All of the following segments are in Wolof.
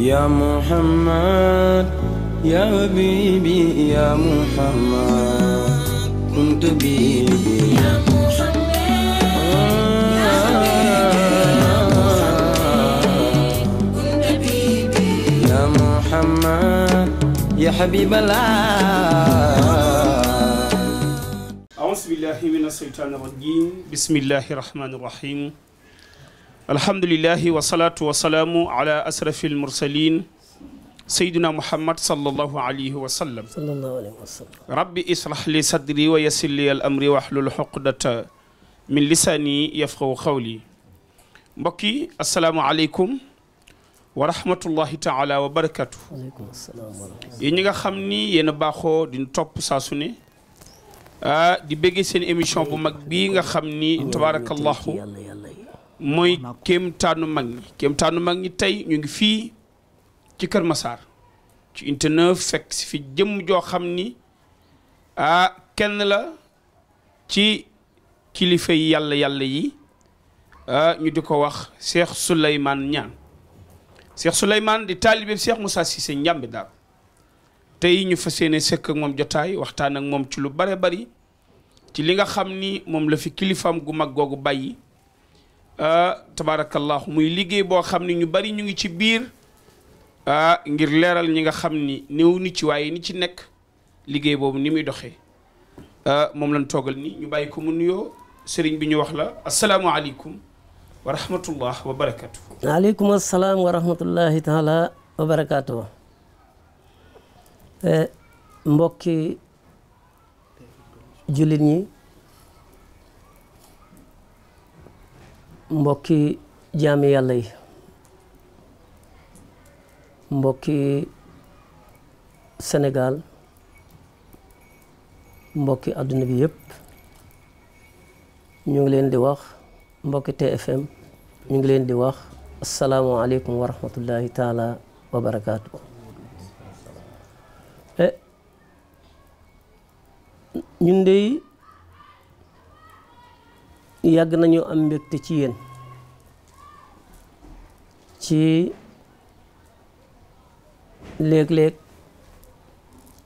يا محمد يا حبيبي يا محمد كنت بيدي يا محمد يا حبيب الله أعوذ بالله من الشيطان الرجيم بسم الله الرحمن الرحيم alhamdulilahi wasalaatu wasalaamu almursalin sayduna muhammad sallallahu wa sallam rabbi israh li sadri wa yassir li al amri wahlul uqdata min lisaani yafqahu qawli mbokk yi asalaamualeykum wa rahmatullahi taala wa yi nga xam ni yéen a baaxoo di topp saa ah, di bëggee seen émission bu mag bii nga xam ni tabaarakallahu mooy tànnu mag ñi tànnu mag ñi tey ñu ngi fii ci Kër masaar ci unité 9 fekk fi jëmm joo xam ni ah kenn la ci kilifa yi yàlla yàlla yi ñu di ko wax Cheikh Souleymane Niang Cheikh Souleymane di taalibe Cheikh Moussa Cissé njàmbi daal tey ñu fas yéene sëkk ak moom jotaay waxtaan ak moom ci lu bare bari ci li nga xam ni moom la fi kilifaam gu mag googu bàyyi Euh, tabaarakallaahu muy liggéey boo xam ne ñu bari ñu ngi ci biir euh, ngir leeral ñi nga xam ni néew ni ci waaye ni ci nekk liggéey boobu ni muy doxee euh, moom lañ toogal ni ñu bàyyi ko mu nuyoo sëriñ bi ñu wax la asalaamualeykum wa rahmatullah wa barakaatu. waaleykum asalaam wa rahmatullahi taala wa barakaatu. mbokki jullit ñi. mbokki jaami yàlla yi mbokki Sénégal mbokki àdduna bi yëpp ñu ngi leen di wax mbokki TFM ñu ngi leen di wax asalaamualeykum wa rahmatullahi taala wa barakaatu e, ñun dey yàgg nañu am mbégte ci yéen ci léeg-léeg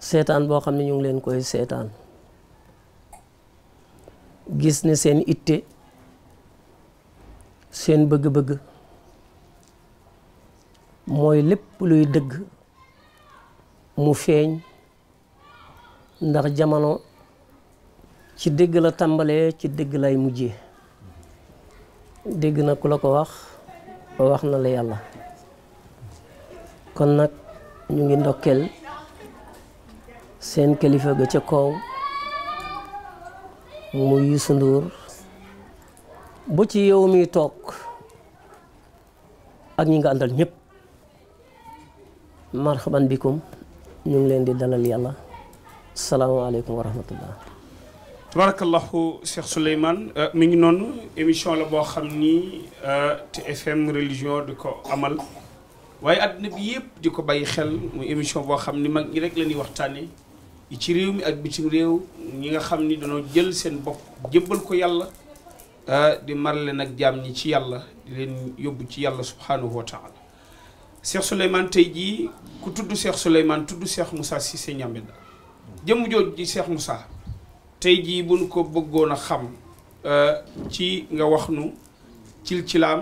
seetaan boo xam ne ñu ngi leen koy seetaan gis ne seen itte seen bëgg-bëgg mooy lépp luy dëgg mu feeñ ndax jamono ci dëgg la tàmbalee ci dëgg lay mujje dégg na ku la ko wax wax na la yàlla kon nag ñu ngi ndokkeel seen kilifa ga ca kaw mu Yuusu Nduur bu ci yow mi toog ak ñi nga àndal ñëpp marhaban bikum ñu ngi leen di dalal yàlla salaamaaleykum wa rahmatullah tabarakallahu Cheikh Souleymane euh, mi ngi noonu émission la boo xam ni euh, TFM religion di ko amal waaye àdduna bi yëpp di ko bàyyi xel muy émission boo xam ni mag ñi rek la ñuy waxtaane ci réew mi ak bitim réew ñi nga xam ni dañoo jël seen bopp jébbal ko yàlla euh, di marale nag jaam ñi ci yàlla di leen yóbbu ci yàlla subhanahu wa taala Cheikh Souleymane tey jii ku tudd Cheikh Souleymane tudd Cheikh Moussa Cissé Ndiamé jëmm jooju ji Cheikh Moussa tey jii buñ ko bëggoon a xam euh, ci nga wax nu cil cilaam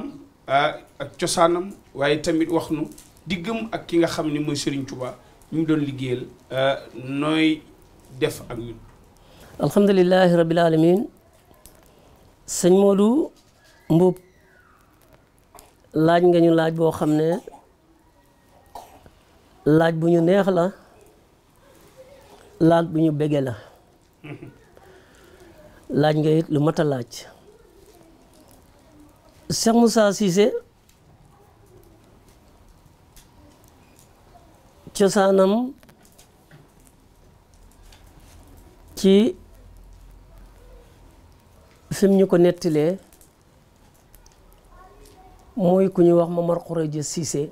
euh, ak cosaanam waaye tamit wax nu diggam ak ki nga xam ni mooy Serigne Touba ñu doon liggéeyal euh, nooy def ak ñun. alhamdulilahi rabil aalamiin sëñ Modou Mbuub laaj nga ñu laaj boo xam ne laaj bu ñu neex la laal bu ñu bége la. laaj nga it lu mat a laaj Cheikh Moussa Cissé cosaanam ci fi ñu ko nettilee mooy ku ñu wax Mamar Khourédia Cissé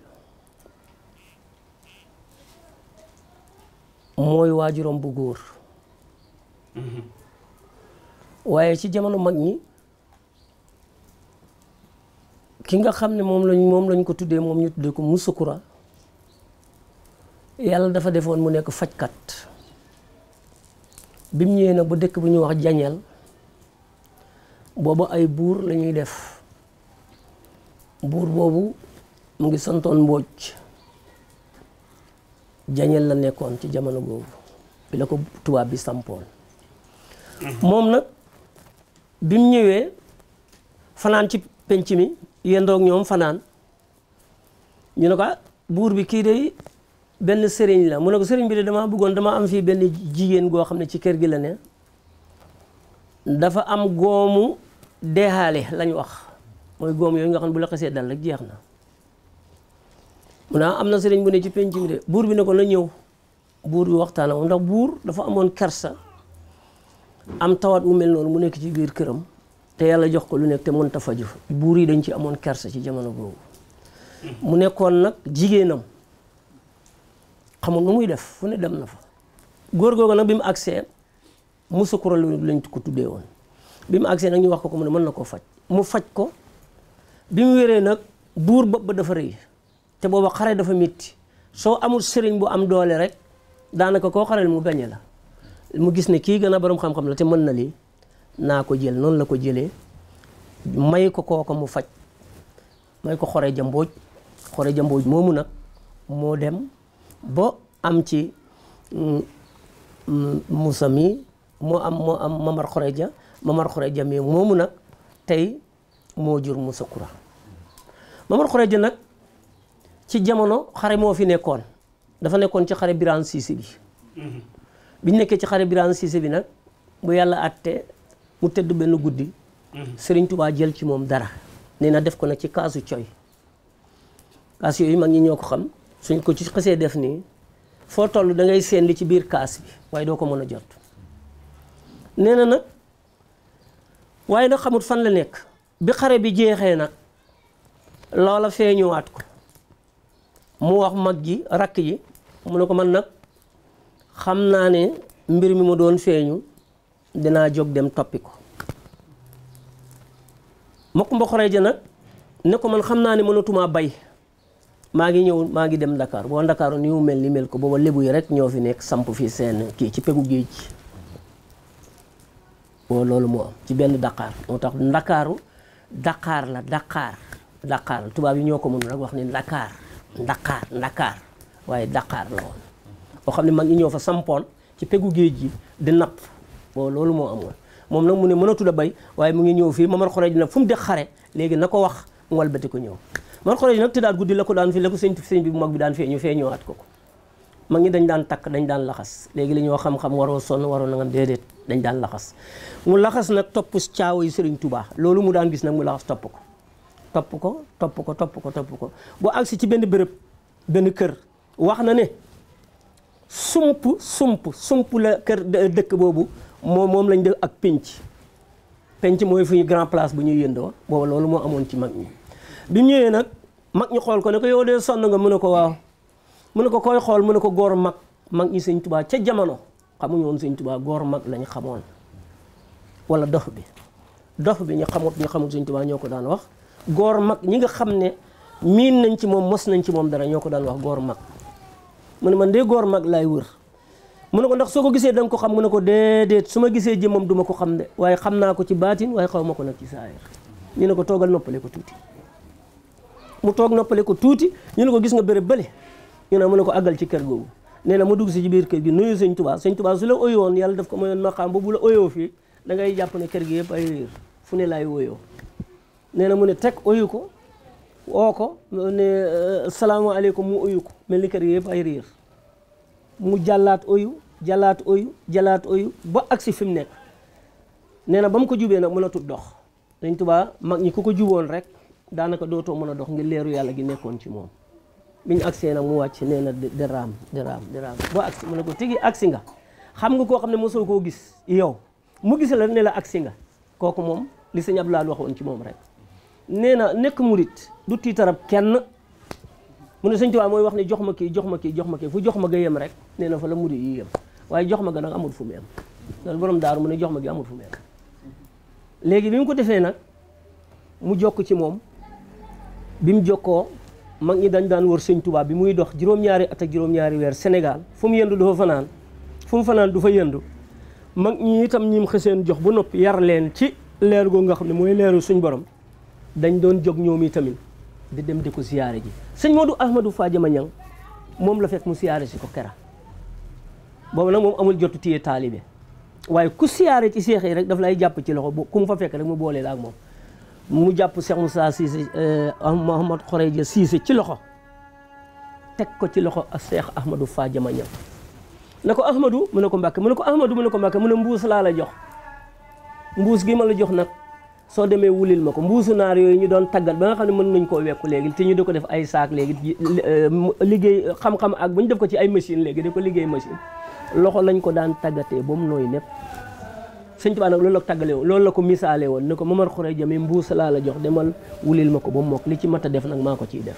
mooy waajuram bu góor mm-hmm. waaye ci jamono mag ñi ki nga xam ne moom lañ moom lañ ko tuddee moom ñu tuddee ko musukura yàlla dafa defoon mu nekk fajkat bi mu ñëwee nag ba dëkk bu ñuy wax jañeel boobu ay buur lañuy def buur boobu mu ngi santoon mbooj jañeel la nekkoon ci jamono boobu bi la ko tubaab bi sampoon mhm. moom nag bi mu ñëwee fanaan ci penc mi yendoog ñoom fanaan ñu ne ko ah, buur bi kii de benn sëriñ la mu ne ko sëriñ bi de dama bëggoon dama am fii benn jigéen goo xam ne ci kër gi la ne dafa am goomu deexaale lañ wax mooy goom yooyu nga xam ne bu la xasee dal rek jeex na mu ne ah, am na sëriñ bu ne ci penc mi de buur bi ne ko na ñëw buur bi waxtaan ak ndax buur dafa amoon kersa am tawat wu mel noonu mu nekk ci giir këram te yàlla jox ko lu nekk te mënta faju buur yi dañ ci amoon kersa ci jamono boobu mu nekkoon nag jigéenam xamul nu muy def fu ne dem na fa góor googu nag bi mu agsee mu sukkura lu lañ ko tuddee woon bi mu agsee nag ñu wax ko ko mu ne mën na koo faj mu faj ko bi mu wéree nag buur bopp ba dafa rëy te booba xare dafa metti soo amul sëriñ bu am doole rek daanaka koo xareel mu gañe la mu gis ne kii gën a borom xam-xam la te mën na lii naa ko jël noonu la ko jëlee may ko kooko mu faj may ko xore jambóoj xore jambóoj moomu nag moo dem ba am ci musa mm, mm, mi moo am moo am Mamar Khoreja Mamar Khoreja mi moomu nag tey moo jur Moussa Koura Mamar Khoreja nag ci jamono xare moo fi nekkoon dafa nekkoon ci xare Birane Cissé bi mm-hmm. biñ nekkee ci xare Birane Cissé bi nag bu yàlla àtte mu tëdd benn guddi mhm. Serigne Touba jël ci moom dara nee na def ko nag ci kaasu coy kaas yooyu mag ñi ñoo ko xam suñ ko ci xësee def nii foo toll dangay ngay seen li ci biir kaas bi waaye doo ko mën a jot nee na nag waaye nag xamut fan la nekk bi xare bi jeexee nag loola feeñuwaat ko mu wax mag ji rakk yi mu ne ko man nag xam naa ne mbir mi ma doon feeñu dinaa jóg dem toppi ko Makumba Khoreja nag ne ko man xam naa ne mënatumaa bay maa ngi ñëw maa ngi dem ndakaar boo Dakar ni mu mel ni mel ko booba lébu yi rek ñoo fi nekk samp fii seen kii ci pegu géej gi boo loolu moo am ci benn Dakar moo tax Ndakaaru Dakar la Dakar Dakar tubaab yi ñoo ko mënul wax ni Dakar Dakar Dakar waaye Dakar la woon boo xam ne mag ñi ñëw fa sampoon ci peggu géej gi di napp boo loolu moo amoon moom nag mu ne mënatul a bay waaye mu ngi ñëw fii mamar xoreji nag fu mu de xare léegi na ko wax mu walbati ko ñëw mamar xoreji nag tëddaat guddi la ko daan fi la ko sëñ sëñ bi bu mag bi daan feeñu feeñoo at ko ko mag ñi dañ daan takk dañ daan laxas léegi li ñoo xam-xam waroo sonn waroo na nga déedéet dañ daan laxas mu laxas nag topp caawa yu sëriñ tubaa loolu mu daan gis nag mu laxas topp ko topp ko topp ko topp ko topp ko bu benn béréb benn kër wax sump sump sump la kër dëkk boobu moom moom lañ def ak penc penc mooy fii ñu grand place bu ñuy yëndoo booba loolu moo amoon ci mag ñi bi ñëwee nag mag ñi xool ko ne ko yow dee sonn nga mun ne ko waaw mu ne ko koy xool mu ne ko góor mag mag ñi sëñ ca jamono xamuñu woon sëñ tubaa mag lañ xamoon wala dof bi dof bi ñu xamut ñu xamul sëñ tubaa ko daan wax góor mag ñi nga xam ne miin nañ ci moom mos nañ ci moom dara ñoo ko daan wax góor mag mu ne man de góor mag laay wër mu ne ko ndax soo ko gisee da ko xam mu ne ko déedéet su ma gisee jëmmam du ma ko xam de waaye xam naa ko ci baatin waaye xaw ma ko nag ci saayir ñu ne ko toogal noppale ko tuuti mu toog noppalee ko tuuti ñu ne ko gis nga béréb bële ñu ne mu ne ko àggal ci kër googu nee na mu dugg si ci biir kër gi nuyu sëñ tubaa sëñ tubaa su la oyoon yàlla daf ko mayoon maqaam boobu la oyoo fii dangay ngay jàpp ne kër gi yëpp ay réer fu ne laay oyoo na mu ne teg oyu ko woo ko ne euh, salaamaaleykum mu uyu ko mel ni kër yëpp ay riir mu jàllaat uyu jàllaat uyu jàllaat uyu ba agsi fi mu nekk nee na ba mu ko jubee nag mënatul dox dañ tubaa mag ñi ku ko juboon rek daanaka dootoo mën a dox ngir leeru yàlla gi nekkoon ci moom bi ñu agsee nag mu wàcc nee na di raam di raam di raam boo agsi mu ne ko tigi agsi nga xam nga koo xam ne mosoo koo gis yow mu gis la ne la agsi nga kooku moom li sëñ Abdoulaye waxoon ci moom rek nee na nekk murit du tiitarab kenn mun ne sëñ Tuubaa mooy wax ne jox ma kii jox ma kii jox ma ki fu jox ma ga yem rek nee na fa la murit yi yem waaye jox ma ga nag amul fu mu yem loolu borom daaru jox ma gi amul fu mu ko defee nag mu jokk ci moom bi mu jokkoo mag ñi dañ daan war sëñ Tuubaa bi muy dox juróom-ñaari at ak juróom-ñaari weer Sénégal fu mu yendu du fa fanaan fu mu fanaan du fa yendu mag ñi itam ñim xeseen jox ba noppi yar leen ci leer goo nga xam ne mooy leeru suñ borom dañ doon jóg ñoom tamit di dem di ko siyaare ji sëñ Modou Ahmadou Fadiama Niang moom la fekk mu siyaare si ko kera boobu nag moom amul jotu téye taalibe waaye ku siyaare ci seex rek daf lay jàpp ci loxo ku mu fa fekk rek mu boolee la ak moom mu jàpp Cheikh Moussa Cissé eh, ah, Mouhamad Khoreja Cissé ci loxo teg ko ci loxo ak Cheikh Ahmadou Fadiama Niang ne ko Ahmadou mu ne ko Mbàkke mu ne ko Ahmadou mu ne ko Mbàkke mu ne mbuus laa la jox mbuus gi ma la jox nag soo demee wulil ma ko mbuusu naar yooyu ñu doon taggat ba nga xam ne mën nañ koo wekku léegi te ñu di ko def ay saak léegi euh, liggéey xam-xam ak bu ñu def ko ci ay machine léegi di ko liggéey machine loxo lañ ko daan taggatee ba mu nooy nepp sëñ Tuubaa nag loolu la loolu la ko misaale woon ne ko Mamar Xure Jami mbuus laa la jox demal wulil ma ko ba mu mokk li ci mat a def nag maa ko ciy def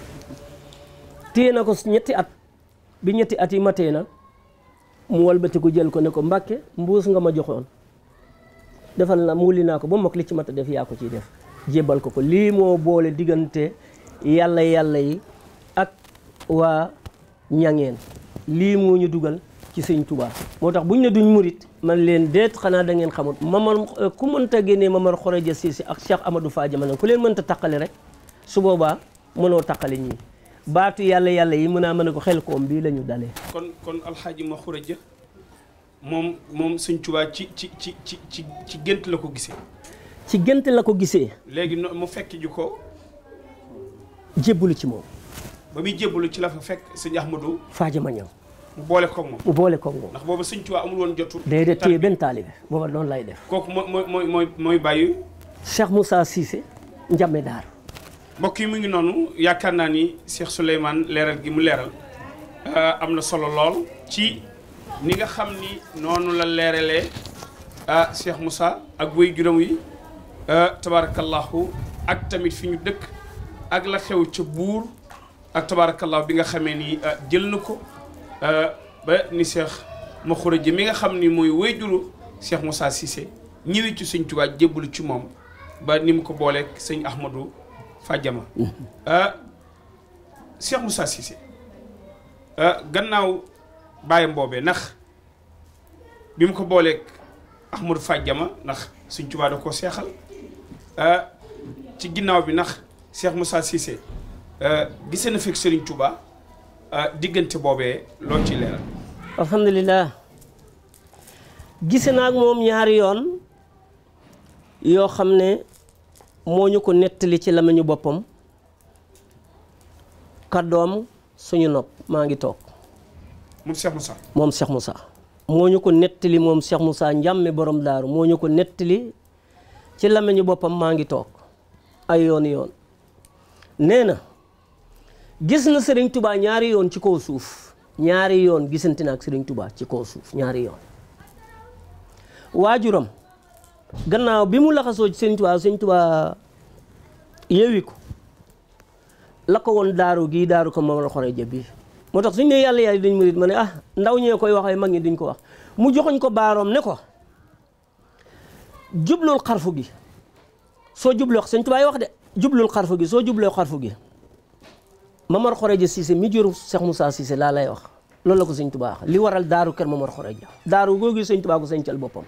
téye na ko ñetti at bi ñetti at yi matee na mu walbatiku jël ko ne ko Mbàkke mbuus nga ma joxoon defal na mu muuli naa ko ba mokk li ci mat a def yaa ko ciy def jébbal ko ko lii moo boole diggante yàlla yàlla yi ak waa ñangeen lii moo ñu dugal ci sëñ Tuubaa moo tax buñ ne duñ murit man leen deet xanaa da ngeen xamut mamar euh, ku mënta génnee mamar xoreja siisi ak Cheikh Amadou Fadia ma ku leen mënta taqale rek su boobaa mënoo taqale ñii baatu yàlla yàlla yi mën naa mën a ko xel koom bii la dalee kon kon alxaaji ma xoreja moom moom suñ Tuubaa ci ci ci ci ci ci gént la ko gisee. ci gént la ko gisee. léegi no mu fekk ju ko. jébbalu ci moom. ba muy jébbalu ci la fa fekk sëñ Ahmadou. ma ñëw. mu boole koog moom mu boole koog moom. ndax boobu amul woon jotu. day benn taalibe booba noonu lay def. kooku mooy mooy mooy mooy bàyyi. Cheikh Moussa Cissé Ndiamé Daar. mbokk yi mu ngi noonu yaakaar naa ni Cheikh Souleymane leeral gi mu leeral euh, am na solo lool ci. ni nga xam ni noonu la leeralee ah Cheikh Moussa ak way juróom yi ah, tabaarakallahu ak tamit fi ñu dëkk ak la xew ca buur ak tabaarakallahu bi nga xamee ni ah, jël na ko ah, ba ni Cheikh Makhura ji mi nga xam ni mooy way juru Cheikh Moussa Cissé ñëwee ci sëñ Tuubaa jébbalu ci moom ba ni mu ko booleeg sëñ Ahmadou Fadiama mm-hmm. Cheikh Moussa Cissé gannaaw. bàyyam boobee ndax bi mu ko booleeg Ahmadou Fadiama ndax suñ Tuubaa da koo seexal ah, ci ginnaaw bi ndax Cheikh Moussa Cissé ah, gisee na fekk Serigne Touba ah, diggante boobee loo ci leeral. alhamdulilah gise naa ak moom ñaari yoon yoo xam ne moo ñu ko nettali ci lamiñu boppam kàddoom suñu nopp maa ngi toog. moom Cheikh Moussa. moom Cheikh Moussa moo ñu ko nettali moom Cheikh Moussa njàmme borom daaru moo ñu ko nettali ci lamañu boppam maa ngi toog ay yoon yoon nee na gis na Serigne Touba ñaari yoon ci kaw suuf ñaari yoon gisanti na ak Serigne Touba ci kaw suuf ñaari yoon waajuram gannaaw bi mu laxasoo ci Serigne Touba Serigne Touba yeewi ko la ko woon daaru gii daaru ko moom la xoree jëb moo tax suñ ne yàlla yaay duñ murit ma ne ah ndaw ñee koy wax ay ngi ñi duñ ko wax mu joxoñ ko baaroom ne ko jublul xarfu gi soo jubloo sëñ tubaay wax de jublul xarfu gi soo jubloo xarfu gi mamar xoreja Cissé mi jur mu saa Cissé laa lay wax loolu la ko sëñ tubaa li waral daaru kër mamar xoreja daaru googu sëñ tubaa ko sëñcal boppam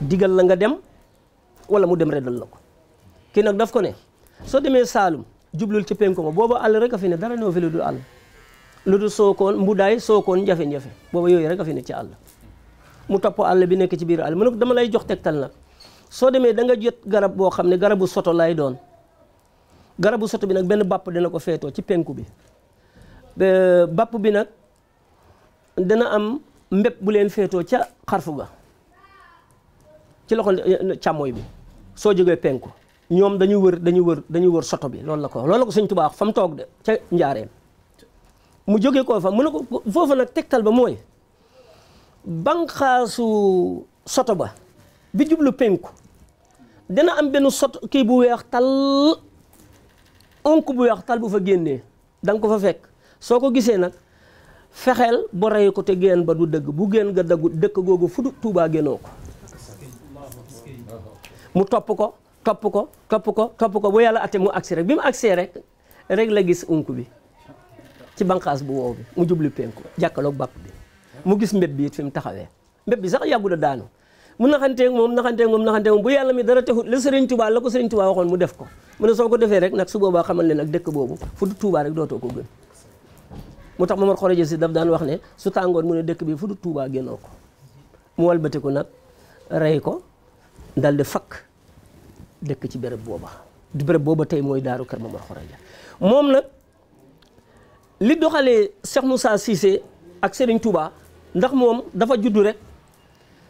digal la nga dem wala mu dem reddal la ko kii nag daf ko ne soo demee Saalum jublul ci penku ma boobu àll rek a fi ne dara noo fi lu dul àll lu dul sookoon mbudaay sookoon jafe-jafe booba yooyu rek a fi nekk ci àll mu topp àll bi nekk ci biir àll mu ne dama lay jox tegtal nag soo demee da nga jot garab boo xam ne garabu soto lay doon garabu soto bi nag benn bàpp dina ko feetoo ci penku bi bàpp bi nag dana am mbépp bu leen feetoo ca xarfu ga ci loxo eh, càmmooy bi soo jógee penku ñoom dañu wër dañu wër dañu wër soto bi loolu la ko loolu la ko Sëñ Tuubaa fa mu toog de ca njaareem mu jóge koo fa mu ne ko foofu nag teg tegtal ba mooy banqaasu soto ba bi jublu penku dina am benn sot kii bu weex tal onk bu weex tal bu fa génnee danga ko fa fekk soo ko gisee nag fexeel bo rey ko te génn ba du dëgg bu génn ga dëggu dëkk googu fu Tuubaa génnoo ko mu topp ko topp ko topp ko topp ko bu yàlla ate mu agsi rek bi mu agsee rek rek la gis onk bi ci banqaas bu woow bi mu jublu penku jàkkaloog bàpp bi mu gis mbeb bi it fi mu taxawee mbéb bi sax yàggu da daanu mu naxanteeg moom naxanteeg moom naxanteeg moom yàlla mi dara texut la sëriñ Tuubaa la ko sëriñ Tuubaa waxoon mu def ko mu ne ko defee rek nag su boobaa xamal leen ak boobu fu du dootoo ko gën mu tax Mamar Xoroje Si daf daan wax su tàngoon mu ne dëkk bi fu du Tuubaa génnoo ko mu walbati ko nag rey ko dal di fakk dëkk ci béréb booba di béréb booba tey mooy daaru kër Mamar moom nag li doxalee Cheikh Moussa Cissé ak Serigne tubaa ndax moom dafa juddu rek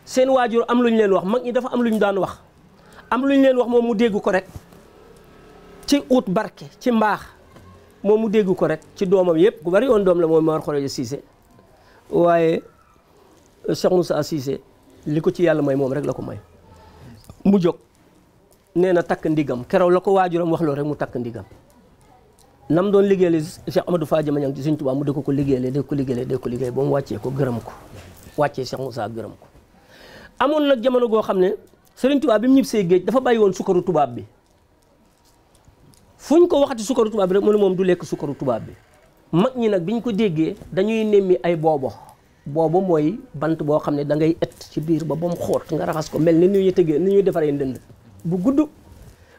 seen waajur am lu ñu leen wax mag ñi dafa am lu ñu daan wax am lu ñu leen wax moom mu dégg ko rek ci ut barke ci mbaax moom mu dégg ko rek ci doomam yëpp ku bari yoon doom la moom Mor Khoroja Cissé waaye Cheikh Moussa Cissé li ko ci yàlla may moom rek la ko may mu jóg nee na takk ndigam keroog la ko waajuram wax loo rek mu takk ndigam nam doon liggéeyal Cheikh Amadou Fadia Mañang ci Sëñ Tuubaa mu di ko ko liggéeyal di ko liggéeyal di ko liggéey ba mu wàccee ko gërëm ko wàccee Cheikh Moussa gërëm ko amoon nag jamono goo xam ne Sëriñ Tuubaa bi mu ñib see géej dafa bàyyi woon sukaru tubaab bi fu ñu ko waxati sukaru tubaab bi rek mu moom du lekk sukaru tubaab bi mag ñi nag bi ñu ko déggee dañuy nemmi ay boobo boobu mooy bant boo xam ne da ngay et ci biir ba ba mu xóot nga raxas ko mel ni ni ñuy tëggee ni ñuy defaree ndënd bu gudd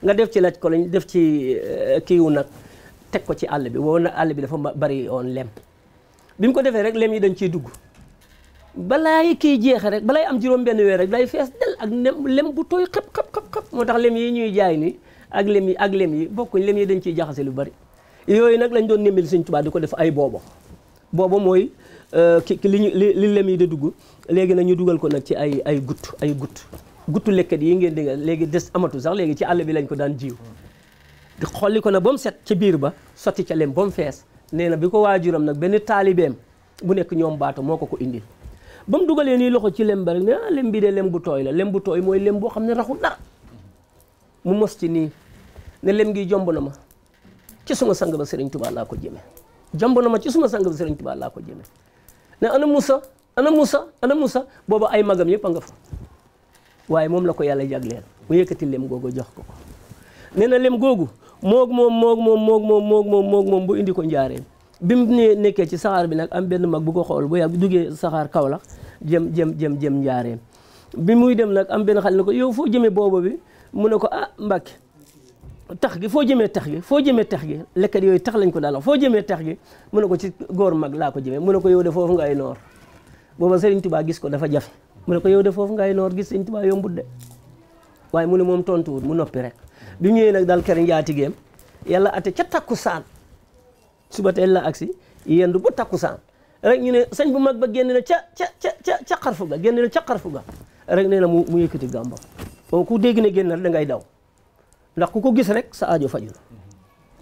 nga def ci laaj ko lañ def ci eh, kiiwu nag teg ko ci àll bi woon àll bi dafa bari woon lem bi mu ko defee rek lem yi dañ ciy dugg balaa balaay kiy jeexe rek balaay am juróom benn weer rek day fees del ak lem bu tooy xëpp xëpp xëpp xëpp moo tax lem yi ñuy jaay nii ak lem yi ak lem yi bokkuñ lem yi dañ ciy jaxase lu bari yooyu nag lañ doon nemmil Sëñ Tuubaa di ko def ay boobo boobo mooy euh, ki li ñu li lem yi di dugg léegi nag ñu dugal ko nag ci ay ay gutt ay gutt guttu lekkat yi ngeen di léegi des amatu sax léegi ci àll bi lañ ko daan jiw xolli ko na ba mu set ca biir ba sotti ca lem ba mu fees nee na bi ko waajuram nag benn taalibeem bu nekk ñoom baata moo ko ko indi ba mu dugalee nii loxo ci lem ba rek ne ah lem bi de lem bu tooy la lem bu tooy mooy lem boo xam ne raxul dara mu mos ci nii ne lem gi jomb na ma ci suma sang ba Serigne Touba laa ko jëmee jomb ma ci suma sang ba Serigne Touba laa ko jëmee ne ana Moussa ana Moussa ana Moussa booba ay magam yëpp a nga fa moom la ko yàlla jagleel mu yëkkati lem googu jox ko na lem googu. moog moom moog moom moog moom moog moom moog moom bu indi ko njaareem bi mu ne nekkee ci saxaar bi nag am benn mag bu ko xool bu yàgg duggee saxaar Kaolack jëm jëm jëm jëm njaareem bi muy dem nag am benn xale ne ko yow foo jëmee booba bi mu ne ko ah Mbàkke tax gi foo jëmee tax gi foo jëmee tax gi lekkat yooyu tax lañ ko daal foo jëmee tax gi mu ne ko ci góor mag laa ko jëmee mu ne ko yow de foofu ngay noor booba Serigne Touba gis ko dafa jafe mu ne ko yow de foofu ngay noor gis Serigne Touba yombut de waaye mu ne moom tontuwul mu noppi rek bi ñëwee nag dal kër njaatigeem yàlla ate ca takkusaan suba teel la agsi yendu ba takkusaan rek ñu ne sëñ bu mag ba génn na ca ca ca ca xarfu ga ca xarfu ga rek nee na mu mu yëkkati gàmbam boobu ku dégg ne génn na da ngay daw ndax ku ko gis rek sa aajo faju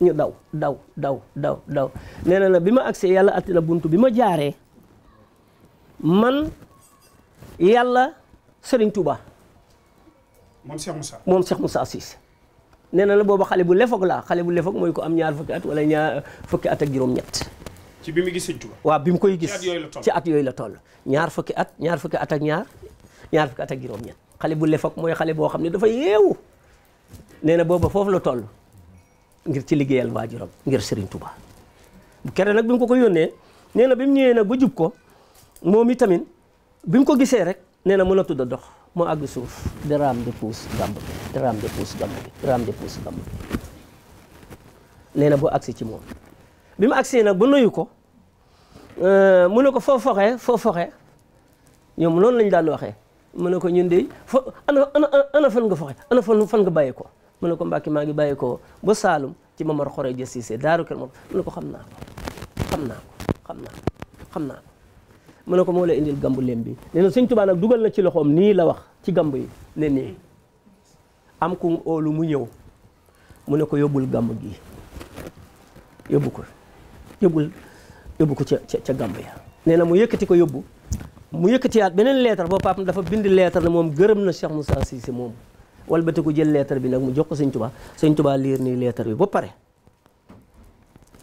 na daw daw daw daw daw nee na bi ma agsee yàlla atti na buntu bi ma jaare man yàlla Serigne Touba. moom moom Cheikh Moussa Cissé nee na la booba xale bu lefoog laa xale bu lefoog mooy ko am ñaar fukki at wala ñaar fukki at ak juróom-ñett. ci bi mu gis sëñ Tuubaa. waaw bi mu koy gis ci at yooyu la toll ñaar fukki at ñaar fukki at ak ñaar ñaar fukki at ak juróom-ñett xale bu lefoog mooy xale boo xam ne dafa yeewu nee na booba foofu la toll ngir ci liggéeyal waajuram ngir Serigne Touba. keneen nag bi mu ko ko yónnee nee na bi mu ñëwee nag ba jub ko moom itamit bi mu ko gisee rek nee na mën a tudd dox. mu àgg suuf di raam di puus gàmb bi di raam di puus gàmb bi di raam di puus gàmb bi nee na bu agsi ci moom bi mu agsee nag ba nuyu ko euh, mu ne ko foo foxee foo foxee ñoom loolu lañ daan waxee mu ne ko ñun de fo ana ana ana fan nga foxe ana fan fan nga bàyyi ko mu ne ko Mbàkke maa ngi bàyyi ko ba Saalum ci Mamar Xore Jasiise daaru kër moom mu ne ko xam naa ko xam naa ko xam naa ko xam naa ko mu ne ko moo indi gambu lem bi nee na sëñ Tuubaa dugal na ci loxoom nii la wax ci gamb yi ne nii am ku óolu mu ñëw mu ne ko yóbbul gamb gi yóbbu ko yóbbul yóbbu ko ca ca gamb ya nee na mu yëkkati ko yóbbu mu yëkkatiyaat beneen leetar boo paapam dafa bind leetar ne moom gërëm na mu Moussa Cissé moom walbatiku jël leetar bi nag mu jox ko sëñ Tuubaa sëñ Tuubaa liir nii leetar bi ba pare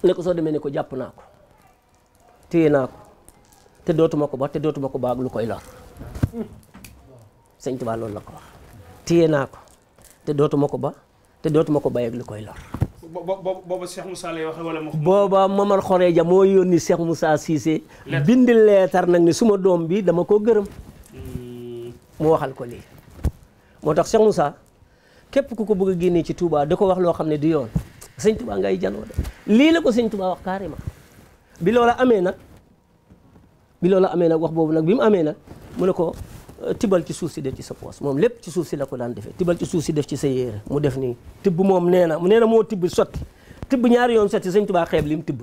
ne ko soo demee ne ko jàpp ko téye naa ko te dootuma ko ba te dootuma ko ba ak lu koy lor sëñ Tuubaa loolu la ko wax téye naa ko te dootuma ko ba te dootuma ko bàyyi lu koy lor. booba Cheikh Moussa lay waxee wala. booba Momar Khoreja moo yónni Cheikh Moussa Cissé. bind leetar nag ni suma doom bi dama koo gërëm. Hmm. mu waxal ko lii. moo tax Cheikh Moussa képp ku ko bëgg a génnee ci tuubaa da ko wax loo xam ne di yoon sëñ Touba ngay janoo de lii la ko sëñ Touba wax carrément bi loola amee nag. bi loolu amee nag wax boobu nag bi mu amee nag mu ne ko euh, tibal ci suuf si def ci sa poos moom lépp ci suuf si la ko daan defee tibal ci suuf si def ci sa yére mu def nii tibb moom nee na nee na moo tibb sotti tibb ñaari yoon sotti sëñ tubaa xeeb lim tibb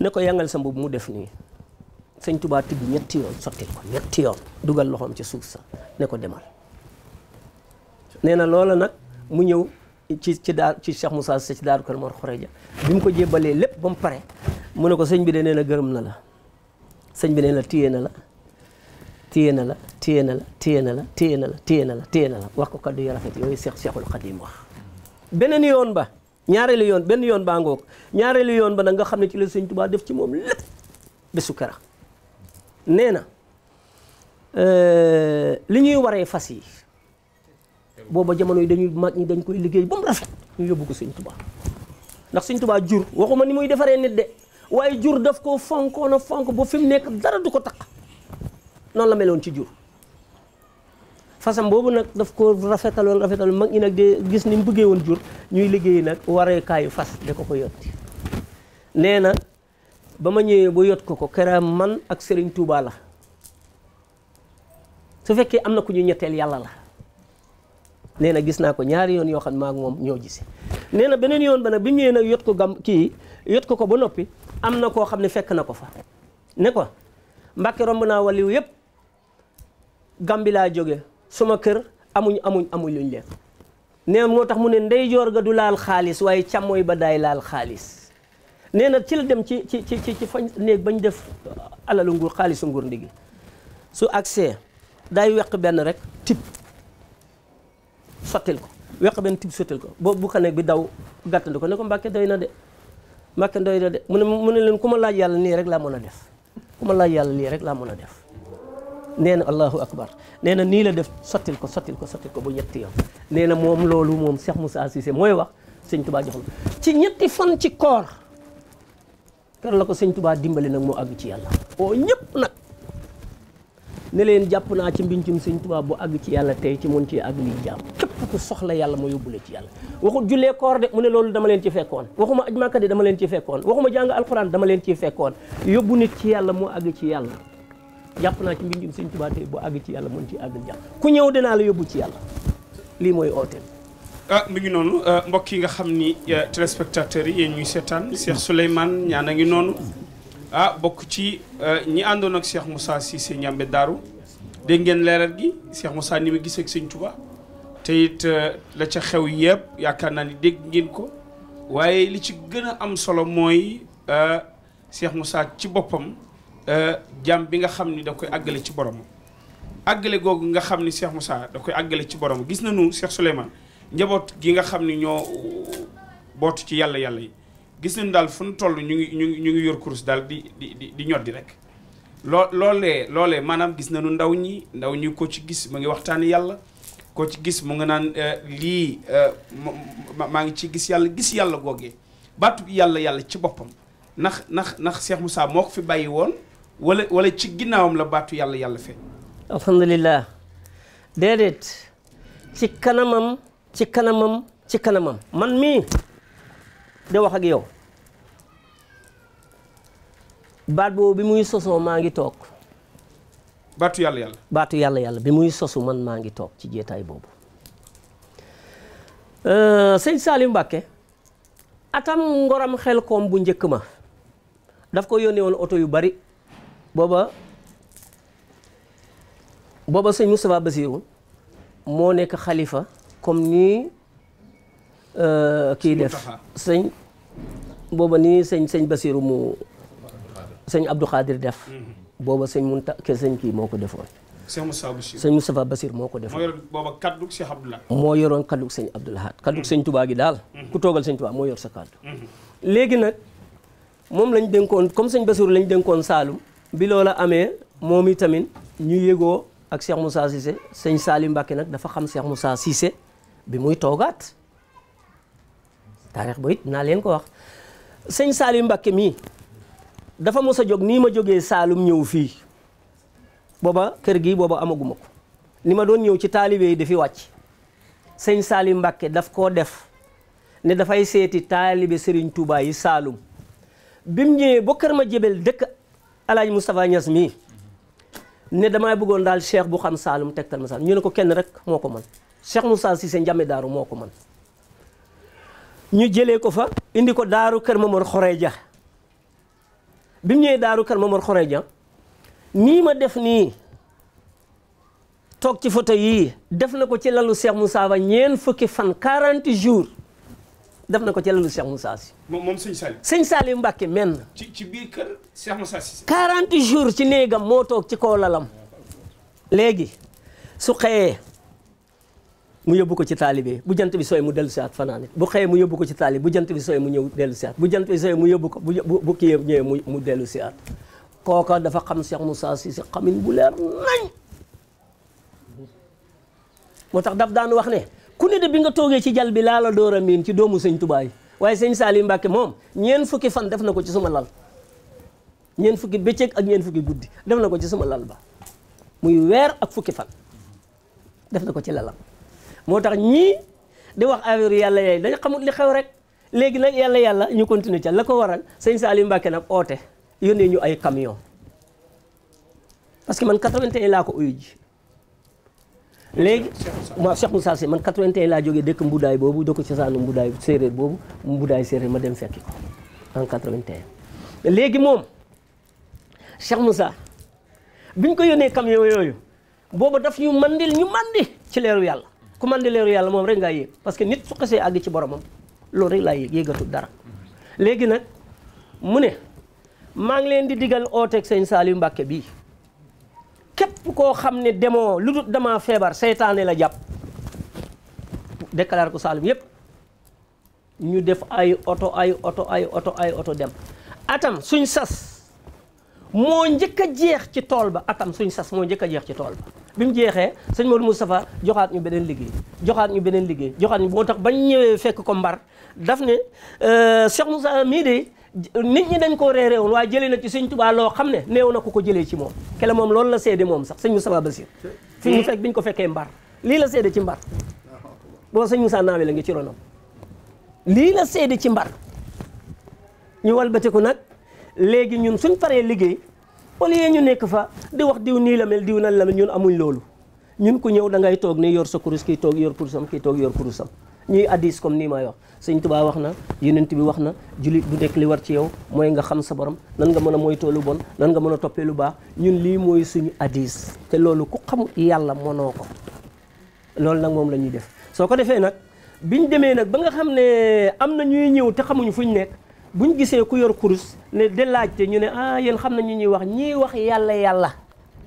ne ko yangal sa mbubb mu def nii sëñ tubaa tibb ñetti yoon sotti ko ñetti yoon dugal loxoom ci suuf sa ne ko demal nee na nag mu ñëw ci ci daar ci Cheikh Moussa Cissé ci daaru Kër Mor Khoreja bi mu ko jébbalee lépp ba mu pare mu ne ko sëñ bi de nee na gërëm na la sëñ bi nee na téye na la téye na la téye na la téye na la téye na la téye na la téye na la wax ko kaddu yu rafet yooyu Cheikh Cheikhul Khadim wax beneen yoon ba ñaareelu yoon benn yoon baa ngoog ñaareelu yoon ba nag nga xam ne ci la sëñ Tuubaa def ci moom lépp bésu kera nee na euh, li ñuy waree fas yi booba jamono yi dañuy mag ñi dañ koy liggéey ba mu rafet ñu yóbbu ko sëñ tubaa ndax sëñ tubaa jur waxuma ni muy defaree nit de waaye jur daf koo fonkoon a fonk ba fi mu nekk dara du ko taq noon la meloon ci jur fasam boobu nag daf ko rafetaloon rafetaloon mag ñi nag de gis ni mu bëggee woon jur ñuy liggéey nag wareekaayu fas da ko ko yotti nee na ba ma ñëwee ba yot ko ko kera man ak sëriñ tuubaa la su fekkee am na ku ñu ñetteel yàlla la nee na gis naa ko ñaari yoon yoo xam ne maa moom ñoo gise nee na beneen yoon ba nag bi ñuy ñëwee nag yot ko gam kii yot ko ko ba noppi am na koo xam ne fekk na ko fa ne ko mbàkke romb naa waliw yëpp gambi laa jóge suma kër amuñ amuñ amuñ luñ lekk nee moo tax mu ne ndeyjoor ga du laal xaalis waaye càmmooy ba daay laal xaalis nee na ci la dem ci ci ci ci fañ néeg bañ def alalu nguur xaalisu nguur ndigi su agsee day weq benn rek tip sottil ko weq benn tib sottil ko boo bu xane bi daw gàttandi ko ne ko mbàkke doy na de mbàkke doy na de mu ne mu ne leen ku ma laaj yàlla nii rek laa mën a def ku ma laaj yàlla lii rek laa mën a def nee na allahu akbar nee na nii la def sottil ko sottil ko sottil ko bu ñetti yow nee na moom loolu moom mu Moussa Cissé mooy wax sëñ tubaa jox na ci ñetti fan ci koor kër la ko sëñ tubaa dimbali nag moo àgg ci yàlla oo ñëpp nag ne leen jàpp naa ci mbincum sëñ Tuubaa bu àgg ci yàlla tey ci mun ci àgg liy jaam képp ku soxla yàlla ma yóbbu la ci yàlla waxut jullee koor de mu ne loolu dama leen ci fekkoon waxuma aj Màkka de dama leen ci fekkoon waxuma jàng alxuraan dama leen ci fekkoon yóbbu nit ci yàlla moo àgg ci yàlla jàpp naa ci mbincum sëñ Tuubaa tey bu àgg ci yàlla mun ci àgg jaam ku ñëw dinaa la yóbbu ci yàlla lii mooy ooteel ah mi ngi noonu ah, mbokk yi nga xam ni ah, téléspectateurs yi yéen ñuy seetaan Cheikh Souleymane ñaan a ngi noonu ah bokk ci euh, ñi àndoon ak Cheikh Moussa Cissé Ndiamé Daaru dégg ngeen leeral gi Cheikh Moussa ni ma gisee ak Sëñ Touba te it euh, la ca xew yëpp yaakaar naa ni dégg ngeen ko waaye li ci gën a am solo mooy euh, Cheikh Moussa ci boppam jàmm bi nga xam ni da koy àggale ci boromam. àggale googu nga xam ni Cheikh Moussa da koy àggale ci boromam gis nañu Cheikh Souleymane njaboot gi nga xam ni ñoo bootu ci yàlla yàlla yi. gis nañu daal fu ñu toll ñu ngi ñu ngi ñu ngi yor course daal di di di ñoddi rek loo loolee maanaam gis nañu ndaw ñi ndaw ñi ko ci gis mu ngi waxtaan yàlla ko ci gis mu nga naan euh, lii euh, maa ngi ci gis yàlla gis yàlla googee baatu yàlla yàlla ci boppam ndax ndax ndax Cheikh Moussa moo ko fi bàyyi woon wala wala ci ginnaawam la baatu yàlla yàlla fe alhamdulilah déedéet ci kanamam ci kanamam ci kanamam man mii de wax ak yow baat boobu bi muy sosoo maa ngi toog baatu yàlla yàlla baatu yàlla yàlla bi muy sosu man maa ngi toog ci jeetaay boobu euh, sëñ Salim Mbàkke atam ngoram xel koom bu njëkk ma daf ko yónnee woon oto yu bari booba booba sëñ Moustapha Basirou moo nekk xalifa comme nii Euh, kii def sëñ booba ni sëñ sëñ Basiru mu sëñ Abdou Khadir def mhm. booba sëñ Munta ke sëñ kii moo ko defoon sëñ Moustapha Bachir sëñ Moustapha moo ko def moo yoroon booba kaddug sëñ Abdoulaye moo yoroon kaddug mhm. sëñ Abdoulaye kaddug sëñ Touba gi daal mhm. ku toogal sëñ Touba moo yor sa kaddu léegi nag moom lañ dénkoon comme sëñ Basiru lañ dénkoon Saalum bi loola amee moom itamit ñu yëgoo ak Cheikh Moussa Cissé sëñ Salim Mbacke nag dafa xam Cheikh Moussa Cissé bi muy toogaat taarix ba naa leen ko wax sëñ Saliou Mbacké mii dafa mos a jóg nii ma jógee Saalum ñëw fii booba kër gi booba amaguma ko ni ma doon ñëw ci taalibe yi dafi wàcc sëñ Saliou Mbacké daf koo def ne dafay seeti taalibe sëriñ Touba yi Saalum bi mu ñëwee ba kër ma jébel dëkk Alaaji Moustapha Niass mii ne damaa buggoon daal cheikh bu xam Saalum tegtal ma Saalum ñu ne ko kenn rek moo ko mën Cheikh Moussa Cissé Ndiamé Daaru moo ko mën ñu jëlee ko fa indi ko daaru kër Momar Xoreja bi mu ñëwee daaru kër ma Momar Xoreja nii ma def nii toog ci photo yii def na ko ci lalu Cheikh Moussa ba ñeen fukki fan 40 jours def na ko ci lalu Cheikh Moussa si. moom moom sëñ Salim. sëñ Salim Mbacke men. ci ci biir kër Cheikh Moussa jours ci néegam moo toog ci kaw lalam léegi su xëyee. mu yóbbu ko ci taalibe bu jant bi sooy mu dellu si at fanaan bu xëyee mu yóbbu ko ci taalibe bu jant bi sooy mu ñëw dellu si at bu jant bi sooy mu yóbbu ko bu bu kii ñëwee mu mu dellu si at kooka dafa xam Cheikh Moussa Cissé xamin bu leer nañ moo tax daf daan wax ne ku ne de bi nga toogee ci jal bi laa la door a miin ci doomu sëñ Tuubaa yi waaye sëñ Saliou Mbacke moom ñeen fukki fan def na ko ci suma lal ñeen fukki bëccëg ak ñeen fukki guddi def na ko ci suma lal ba muy weer ak fukki fan def na ko ci lalam moo tax ñii de wax affaire yàlla yooyu dañu xamul li xew rek léegi nag yàlla yàlla ñu continuer ca la ko waral sëñ Saliou Mbacké nag oote yónnee ñu ay camion parce que man 81 laa ko uyu ji léegi waaw Cheikh Moussa Sy man 81 laa jógee dëkk mbudaay boobu dëkk cosaanu mbudaay séeréer boobu mbudaay séeréer ma dem fekki ko en 81 moom Cheikh biñ ko yónnee camion yooyu boobu daf ñu mandil ñu mandi ci leeru yàlla ku man di leeru yàlla moom rek ngaa yéeg parce que nit su xasee àgg ci boromam loolu rek laa yéeg yéegatul dara léegi nag mu ne maa ngi leen di digal ooteeg sëñ Saliou Mbacke bii képp koo xam ne demoo lu dul damaa feebar seytaane la jàpp déclaré ko saalim yëpp ñu def ay oto ay oto ay oto ay oto dem atam suñ sas moo njëkk a jeex ci tool ba atam suñ sas moo njëkk a jeex ci tool ba bi mu jeexee sëñ Modou Moustapha joxaat ñu beneen liggéey joxaat ñu beneen liggéey joxaat ñu boo tax bañ ñëwee fekk ko mbar daf ne euh, Cheikh Moussa mii de nit ñi dañ koo reere woon waaye jëlee na ci sëñ Tuubaa loo xam ne néew na ko ko jëlee ci moom kele loolu la seede moom sax sëñ Moustapha Basir fi ñu fekk ko fekkee mbar lii la seede ci mbar boo sëñ Moussa naawe la ngi ci ronam lii la seede ci mbar ñu walbatiku nag léegi ñun suñ paree liggéey au lieu ñu nekk fa di wax diw nii la mel diw nan la mel ñun amuñ loolu ñun ku ñëw da ngay toog ni yor sa kurus kii toog yor kurusam kii toog yor kurusam ñuy addis comme nii may wax sëñ Tuubaa wax na yonent bi wax na jullit bu nekk li war ci yow mooy nga xam sa borom nan nga mën a moytoo lu bon nan nga mën a toppee lu baax ñun lii mooy suñu addis te loolu ku xamut yàlla mënoo ko loolu nag moom la ñuy def soo ko defee nag biñ demee nag ba nga xam ne am na ñuy ñëw te xamuñ fuñ nekk bu ñu gisee ku yor kurus ne de laajte ñu ne ah yéen xam na ñu ñuy wax ñuy wax yàlla yàlla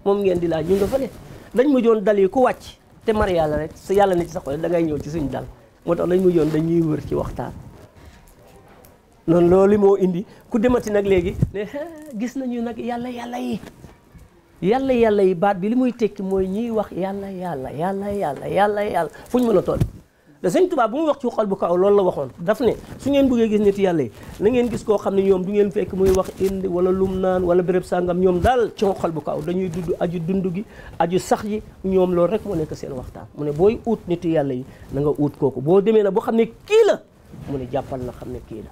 moom ngeen di laaj ñu nga fële dañ ma joon dal yi ku wàcc te mar yàlla rek sa yàlla ne ci sa xol da ñëw ci suñu dal moo tax lañ ma joon dañuy wër ci waxtaan noonu loolu moo indi ku demati nag léegi ne gis nañu nag yàlla yàlla yi yàlla yàlla yi baat bi li muy tekki mooy ñiy wax yàlla yàlla yàlla yàlla yàlla yàlla fu ñu mën a toll da sëñ Tuubaa bu muy wax ci xol bu kaw loolu la waxoon daf ne su ngeen bëggee gis nit yàlla yi na ngeen gis koo xam ne ñoom du ngeen fekk muy wax indi wala lum naan wala béréb sàngam ñoom daal ci xol bu kaw dañuy dudd aju dund gi aju sax yi ñoom loolu rek moo nekk seen waxtaan mu ne booy ut nit yàlla yi na nga ut kooku boo demee na boo xam ne kii la mu ne jàppal na xam ne kii la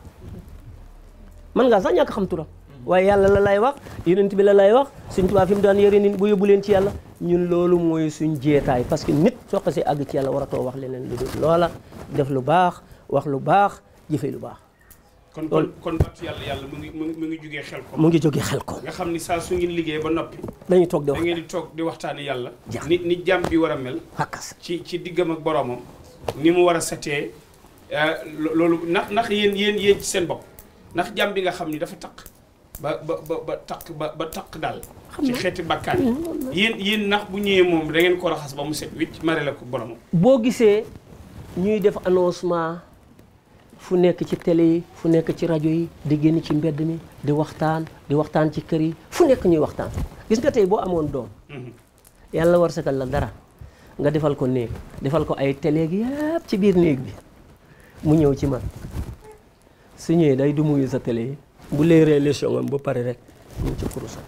man ngaa sax ñàkk xam turam waaye yàlla la lay wax yonent bi la lay wax suñ tubaab fi mu daan yore nit bu yóbbu leen ci yàlla ñun loolu mooy suñ jeetaay parce que nit soo xasee àgg ci yàlla waratoo wax leneen lu dul loola def lu baax wax lu baax jëfe lu baax. kon kon kon battu yàlla mu ngi mu ngi jógee xel ko. mu ngi jógee xel ko. nga xam ni saa su ngeen liggéey ba noppi. dañuy toog di waxtaan da ngeen di toog di waxtaani yàlla. ni ni jàmm bi war a mel. ci ci diggam ak boroomam. ni mu war a setee eh, loolu ndax ndax yéen yéen yéen ci seen bopp ndax jàmm bi nga xam ni dafa taq ba ba ba takk ba takk daal. ci xeeti bàkkaar yi yéen yéen bu ñëwee moom da ko raxas ba mu set wicc mare la ko borom. boo gisee ñuy def annoncement fu nekk ci tele yi fu nekk ci rajo yi di génn ci mbedd mi di waxtaan di waxtaan ci kër yi fu nekk ñuy waxtaan gis nga tey boo amoon doom. Mhm. yàlla war sakal la dara nga defal ko néeg defal ko ay télé gi ci biir néeg bi mu ñëw ci man su ñëwee day du muyu sa tele yi. bu leeree lésion am ba pare rek ñu ci kurusam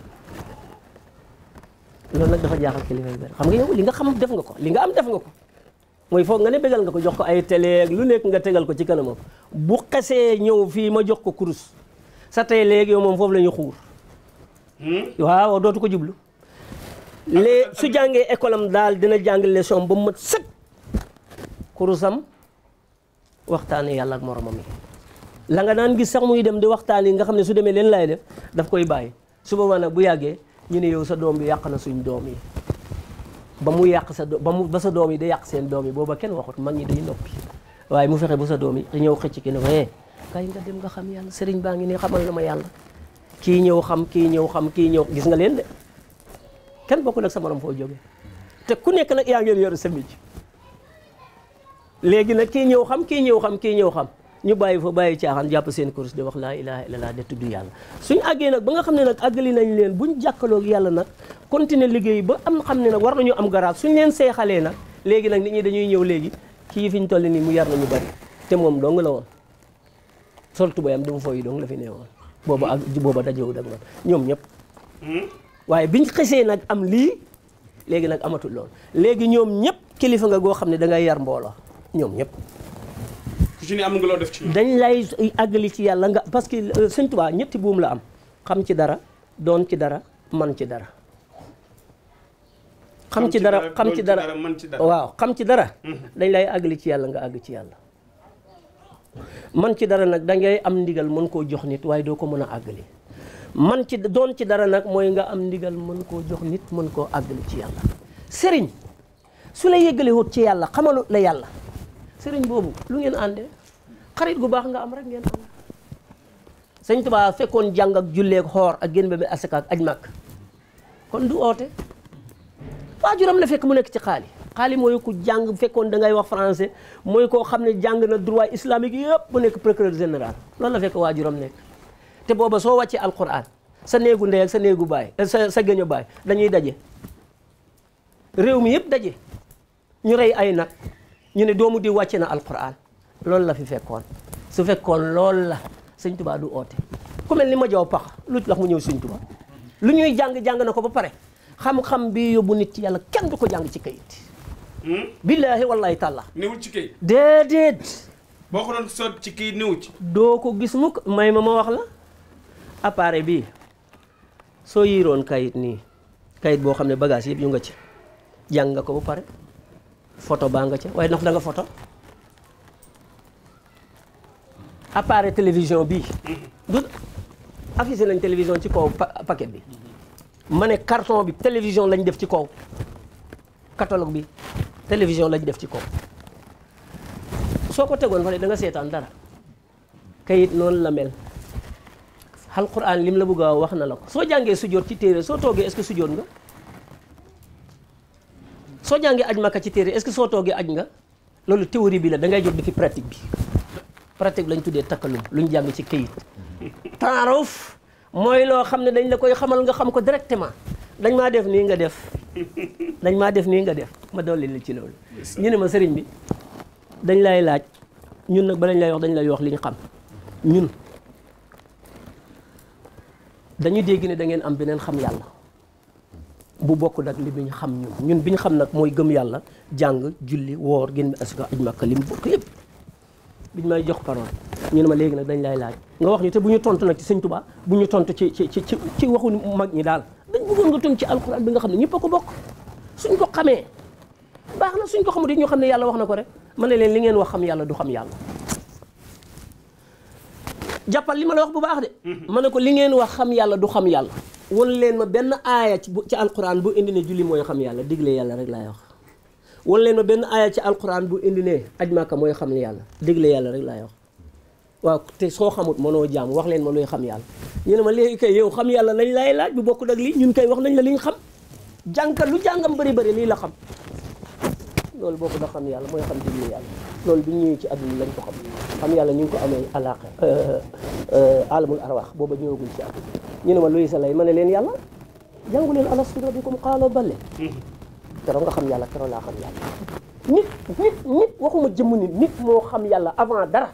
loolu nag dafa jaaxal kilifa yi bëri xam nga li nga xam def nga ko li nga am def nga ko mooy foog nga ne bégal nga ko jox ko ay télé ak nekk nga tegal ko ci kanamam bu xesee ñëw fii ma jox ko kurus sa tey léegi moom foofu la xuur hmm? waaw dootu ko jublu lée su jàngee école am daal dina jàng leçon ba mat sëkk kurusam waxtaan yàlla ak moromam yi la nga daan gis sax muy dem di waxtaan yi nga xam ne su demee leen laay def daf koy bàyyi su boobaa nag bu yàggee ñu ne yow sa doom bi yàq na suñ doom yi ba mu yàq sa ba mu ba sa doom yi da yàq seen doom yi booba kenn waxut mag ñi day noppi waaye mu fexe ba sa doom yi te ñëw xëcc ki ne ko eh kay nga dem nga xam yàlla sëriñ baa ngi ne xamal na ma yàlla kii ñëw xam kii ñëw xam kii ñëw gis nga leen kenn bokkul ak sa morom foo te ku nekk nag yaa ngeen yor sa métier léegi nag kii ñëw xam kii ñëw xam kii ñëw xam ñu bàyyi fa bàyyi caaxaan jàpp seen course di wax laa ilaha illallah de yàlla suñ àggee nag ba nga xam ne nag àggali nañ leen buñ jàkkaloog yàlla nag continuer liggéey ba am xam ne nag war nañu am garage suñ leen seexalee nag léegi nag ni ñi dañuy ñëw léegi kii fi ñu toll nii mu yar nañu bari te moom dong la woon sol tubayam dama fooy dong la fi ne woon booba ak booba dajewu dag man ñoom ñëpp waaye biñ xesee nag am lii léegi nag amatul lool léegi ñoom ñëpp kilifa nga goo xam ne da yar mbooloo ñoom ñëpp ku am nga loo def ci dañ lay àggali ci yàlla nga parce que euh, Sëñ Tuubaa ñetti buum la am xam ci dara doon ci dara man ci dara xam ci dara xam ci dara waaw xam ci dara mhm. dañ lay àggali ci yàlla nga àgg ci yàlla man ci dara nag dangay am ndigal mën koo jox nit waaye doo ko mën a àggali man ci doon ci dara nag mooy nga am ndigal mën koo jox nit mën koo àggali ci yàlla sëriñ su la yëggalewut ci yàlla xamalu la yàlla sëriñ boobu lu ngeen àndee xarit gu baax nga am rek ngeen am sëñ Tuubaa fekkoon jàng ak julleeg xoor ak génn ba bi ak aj màkk kon du oote waajuram la fekk mu nekk ci xaali xaali mooy ku jàng fekkoon da ngay wax français mooy koo xam ne jàng na droit islamique yëpp mu nekk procureur général loolu la fekk waajuram nekk te booba soo wàccee alquran sa néegu ndey sa néegu baay eh, sa sa gëño baay dañuy daje réew mi yëpp daje ñu rey ay nag ñu ne doomu di wàcce na alquran loolu la fi fekkoon su fekkoon lool la sëñ tubaa du oote ku mel ni ma jaw pax lu lax mu ñëw sëñ tubaa lu ñuy jàng-jàng na ko ba pare xam-xam bi yóbbu nit yàlla kenn du ko jàng ci kayit hmm? billaahi wallaahi taala newul ci kayit déedéet boo ko doon sot ci kayit newul ci doo ko gis mukk may ma ma wax la appareil bi soo kayit nii kayit boo xam ne bagage yëpp yu nga ci jàng nga ko ba pare photo baa nga ca waaye ndax danga nga photo appareil télévision bi du affiché nañ télévision ci kaw paquet bi ma ne carton bi télévision lañ def ci kaw catalogue bi télévision lañ def ci kaw soo ko tegoon fale da nga seetaan dara kayit noonu la mel li lim la bëgg a wax na la ko soo jàngee sujjoot ci téere soo toogee est-ce que nga soo jàngee aj màkka ci téere est-ce que soo toogee aj nga loolu théorie bi la dangay ngay jot di fi pratique bi pratique lañ tuddee takkalum lu ñu jàng ci këyit taaruf mooy loo xam ne dañ la koy xamal nga xam ko directement dañ maa def nii nga def dañ maa def nii nga def ma dolli li ci loolu ñu ne ma sëriñ bi dañ lay laaj ñun nag ba lañ lay wax dañ lay wax li ñu xam ñun dañu dégg ne da ngeen am beneen xam yàlla bu bokk ak li bi ñu xam ñun ñun bi ñu xam nag mooy gëm yàlla jàng julli woor génn asaka aj makka li mu bokk yëpp biñ may jox parole ñu ne ma léegi nag dañ laay laaj nga wax ñu te bu ñu tontu nag ci sëñ Tuubaa bu ñu tontu ci ci ci ci waxu mag ñi daal dañ bëggoon nga tontu ci alxuraan bi nga xam ne ñëpp a ko bokk suñ ko xamee baax na suñ ko xamut yi ñu xam ne yàlla wax na ko rek ma ne leen li ngeen wax xam yàlla du xam yàlla jàppal li ma la wax bu baax de. ma ne ko li ngeen wax xam yàlla du xam yàlla. wan leen ma benn aaya ci ci alquran bu indi ne julli mooy xam yàlla digle yàlla rek laay wax. wan leen benn aaya ci alquran bu indi ne aj màkka mooy xam yàlla digle yàlla rek laay wax. waaw te soo xamut mënoo jaam wax leen ma luy xam yàlla ñu ne ma léegi kay yow xam yàlla lañ laay laaj bu bokk ak lii ñun kay wax nañ la li ñu xam jànkat lu jàngam bëri bëri lii la xam loolu bokk na xam yàlla mooy xam jëmmi yàlla loolu bi ñu ñëwee ci àdduna lañ ko xam yàlla ñu ngi ko amee alaaka euh, euh, alamul arwaax booba ñëwagul ci àdduna ñu ne ma luy sa lay ma ne leen yàlla jàngu leen alastu bi rabbikum qaaloo balle keroog nga xam yàlla keroog laa xam yàlla nit nit nit waxuma jëmm nit nit moo xam yàlla avant dara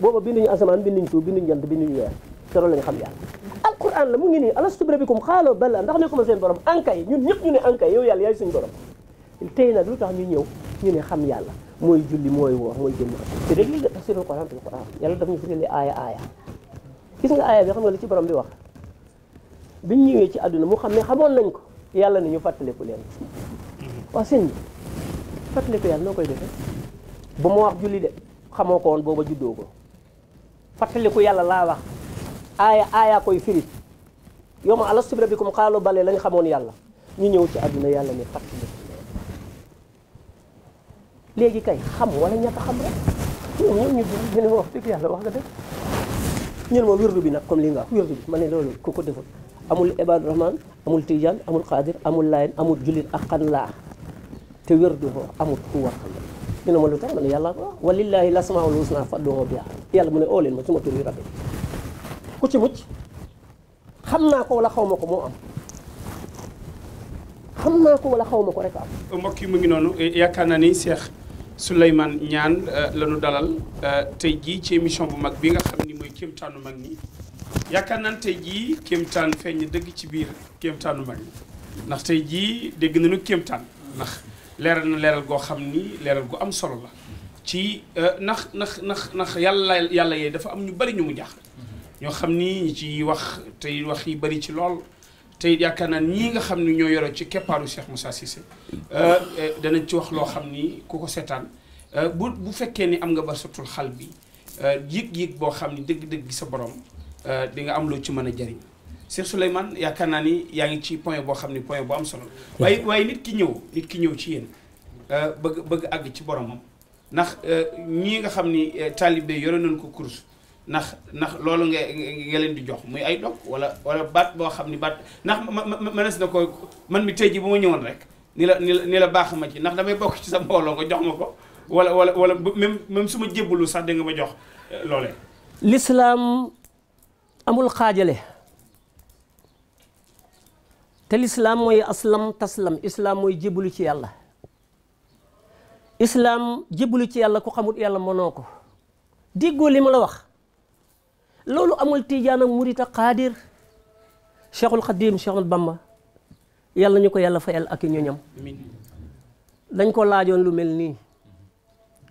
booba binduñu asamaan binduñu suuf binduñu jant binduñu weer keroog la xam yàlla alquran la mu ngi nii alastu bi rabbikum qaaloo balle ndax ne ko ma seen borom ankay ñun ñu ne ankay yàlla suñ borom tey nag lu tax ñu ñëw ñu ne xam yàlla mooy julli mooy woor mooy jëmm te dégg nga tafsirul Quran bil Quran yàlla daf ñu firil aaya aaya gis nga aaya bi xam nga li ci borom bi wax biñ ñëwee ci àdduna mu xam ne xamoon nañ ko yàlla ne ñu leen waaw sëñ noo koy defee ba ma wax xamoo ko woon booba juddoo ko fàttaliku yàlla laa wax aaya aaya koy firi yow ma alastu lañ xamoon yàlla ñu ñëw ci àdduna yàlla ne fàttaliku léegi kay xam wala ñàkk xam rek ñun ñoo wax dëgg yàlla wax nga dëgg wirdu bi nag comme li nga wax wirdu bi ma ne loolu ku ko deful amul Ibaadu Rahmaan amul Tijaan amul Xaadir amul Laayeen amul Jullit ak xan laa te wirdu boo amul ku war xam ñu ne lu tax ma ne yàlla ko wax walillaahi lasmaul husna fadduhu biha yàlla mu ne oo leen ma ci ma tur yi rabbi ku ci mucc xam naa ko wala xaw ma ko moo am xam naa ko wala xaw ma ko rek am. mbokk yi mu ngi noonu yaakaar naa ni Cheikh. Souleymane ñaan euh, la ñu dalal euh, tey jii ci émission bu mag bi nga xam ni mooy kéemtaanu mag ni yaakaar naan tey jii kéemtaan feeñ dëgg ci biir kéemtaanu mag ñi ndax tey jii dégg nañu kéemtaan ndax leeral na leeral goo xam ni leeral gu am solo la ci euh, ndax ndax ndax ndax yàlla yàlla yee dafa am ñu bari ñu mu jaaxal ñoo xam ni ñu ci wax tey wax yi bari ci lool tey it yaakaar naa ñii nga xam ne ñoo yore ci keppaaru Cheikh Moussa Cissé euh, danañ ci wax loo xam ni ku ko seetaan euh, bu bu fekkee ni am nga barsatul xal bi euh, yëg-yëg boo xam ni dëgg-dëgg sa borom di nga am loo ci mën a jariñ Cheikh Souleymane yaakaar naa ni yaa ngi ci point boo xam ni point boo am solo la waaye waaye nit ki ñëw nit ki ñëw ci yéen bëgg bëgg àgg ci boromam ndax ñii nga xam ni taalibe yore nañ ko course ndax ndax loolu nga nga leen di jox muy ay dog wala wala baat boo xam ni baat ndax ma ma na ko man mi tey ji bu ñëwoon rek ni la ni la ni la baax ma ci ndax damay bokk ci sa mbooloo nga jox ma ko wala wala wala même même su ma jébbalu sax da nga ma jox euh, loolee. lislaam amul xaajale te lislaam mooy aslam taslam islaam mooy jébbalu ci yàlla. islaam jébbalu ci yàlla ku xamul yàlla mënoo ko déggoo li ma la wax. loolu amul tijaan ak murit ak xaadir cheikhul xadim cheikhul bamba yàlla ñu ko yàlla fayal ak i ñoñam dañ ko laajoon lu mel nii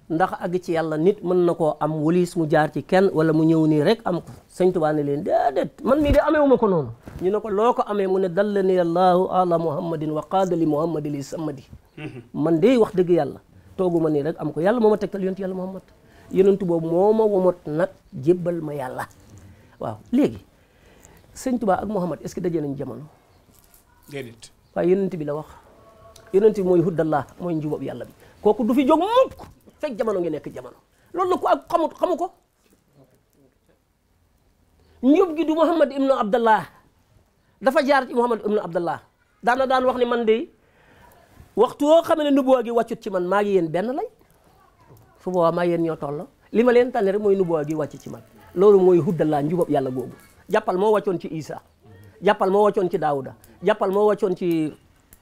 ndax àgg ci yàlla nit mën na koo am wulis mu jaar ci kenn wala mu ñëw nii rek am ko sëñ Tuubaa ne leen déedéet man mii de ameewuma ko noonu ñu ne ko loo ko amee mu ne dalla ni allahu ala muhammadin wa qaadali muhammadin li samadi man de wax dëgg yàlla tooguma nii rek am ko yàlla moo ma tegtal yontu yàlla muhammad yonentu boobu moo ma womat nag jébbal ma yàlla waaw léegi sëñ Tuubaa ak Muhammad est-ce que daje nañ jamono. déedéet waaye yonent bi la wax yonent bi mooy huddallah mooy njubab yàlla bi kooku du fi jóg mukk fekk jamono ngi nekk jamono loolu la ko ak xamut xamu ko njub gi du Muhammad ibnu Abdallah dafa jaar ci Muhammad ibnu Abdallah daana daan wax ni man de waxtu woo xam ne nubuwa gi wàccut ci man maa ngi yéen benn lay su boobaa maa yéen ñoo toll li ma leen tànn rek mooy nubuwa gi wàcc ci man loolu mooy huddalaa njubab yàlla googu jàppal moo wàccoon ci Isa jàppal moo wàccoon ci Daawuda jàppal moo wàccoon ci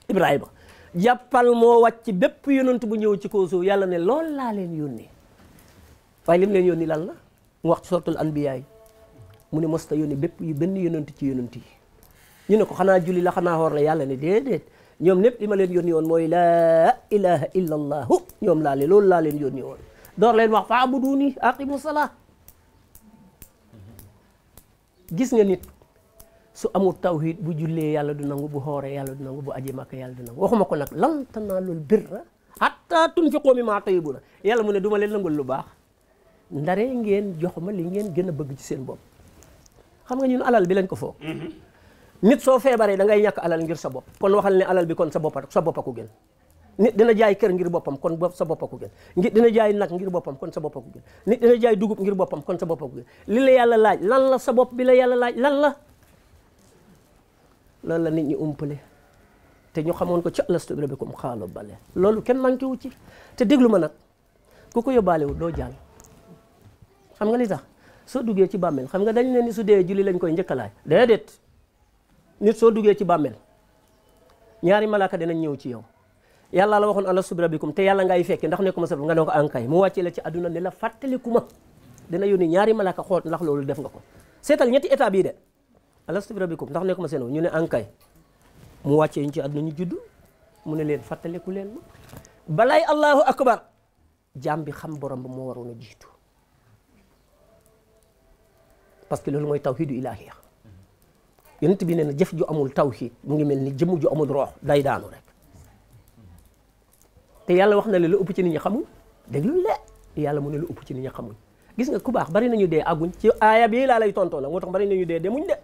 Ibrahima jàppal moo wàcc bépp yonent bu ñëw ci kaw suuf yàlla ne lool laa leen yónnee waaye lim leen yónni lan la mu wax ci sortul anbiyaay mu ne mosta yónni bépp yu benn yonent ci yonent yi ñu ne ko xanaa julli la xanaa xoor la yàlla ne déedéet ñoom lépp li ma leen yónni woon mooy laa ilaha illa allahu ñoom laa leen loolu laa leen yónni woon door gis nga nit su amul tawhid bu jullee yàlla du nangu bu xooree yàlla du nangu bu aji màkka yàlla du nangu waxuma ko nag lan tanaalul birra hatta tunfiqu mimmaa tayyibuna yàlla mu ne duma leen nangul lu baax ndare ngeen jox ma li ngeen gën a bëgg ci seen bopp xam nga ñun alal bi lañ ko foog mhm. nit soo feebaree da ngay ñàkk alal ngir sa bopp kon waxal ne alal bi kon sa bopp sa bopp ko gën nit dina jaay kër ngir boppam kon sa bopp ko gën nit dina jaay nag ngir boppam kon sa bopp ko gën nit dina jaay dugub ngir boppam kon sa bopp ko gën li la yàlla laaj lan la sa bopp bi la yàlla laaj lan la loolu la nit ñi umpale te ñu xamoon ko ci lastu bi rabbikum xaalu bale loolu kenn manqué wu ci te déglu ma nag ku ko yóbbaale wu doo jàll xam nga li tax soo duggee ci bàmmeel xam nga dañ ne ni su dee julli lañ koy njëkkalaay déedéet nit soo duggee ci bàmmeel ñaari malaaka dinañ ñëw ci yow yàlla la waxoon alastu bi rabbikum te yàlla ngay fekki ndax nekkuma sa nga ne ko ankay mu wàccee la ci àdduna ne la fàttaliku ma dina yónni ñaari malaaka xool ndax loolu def nga ko seetal ñetti état bii de alastu bi rabbikum ndax nekkuma seen ñu ne ankay mu wàccee ñu ci àdduna ñu juddu mu ne leen fàttaliku leen ma balaay allahu akbar jaam bi xam borom ba moo waroon a jiitu parce que loolu mooy tawhidu ilahiya yonent bi ne na jëf ju amul tawhid mu ngi mel ni jëmm ju amul day daanu te yàlla wax na la lu ëpp ci nit ñi xamuñ déglu le yàlla mu ne lu ëpp ci nit ñi xamuñ gis nga ku baax bari nañu dee àgguñ ci aaya bi laa lay tontoo nag moo tax bari nañu dee demuñ de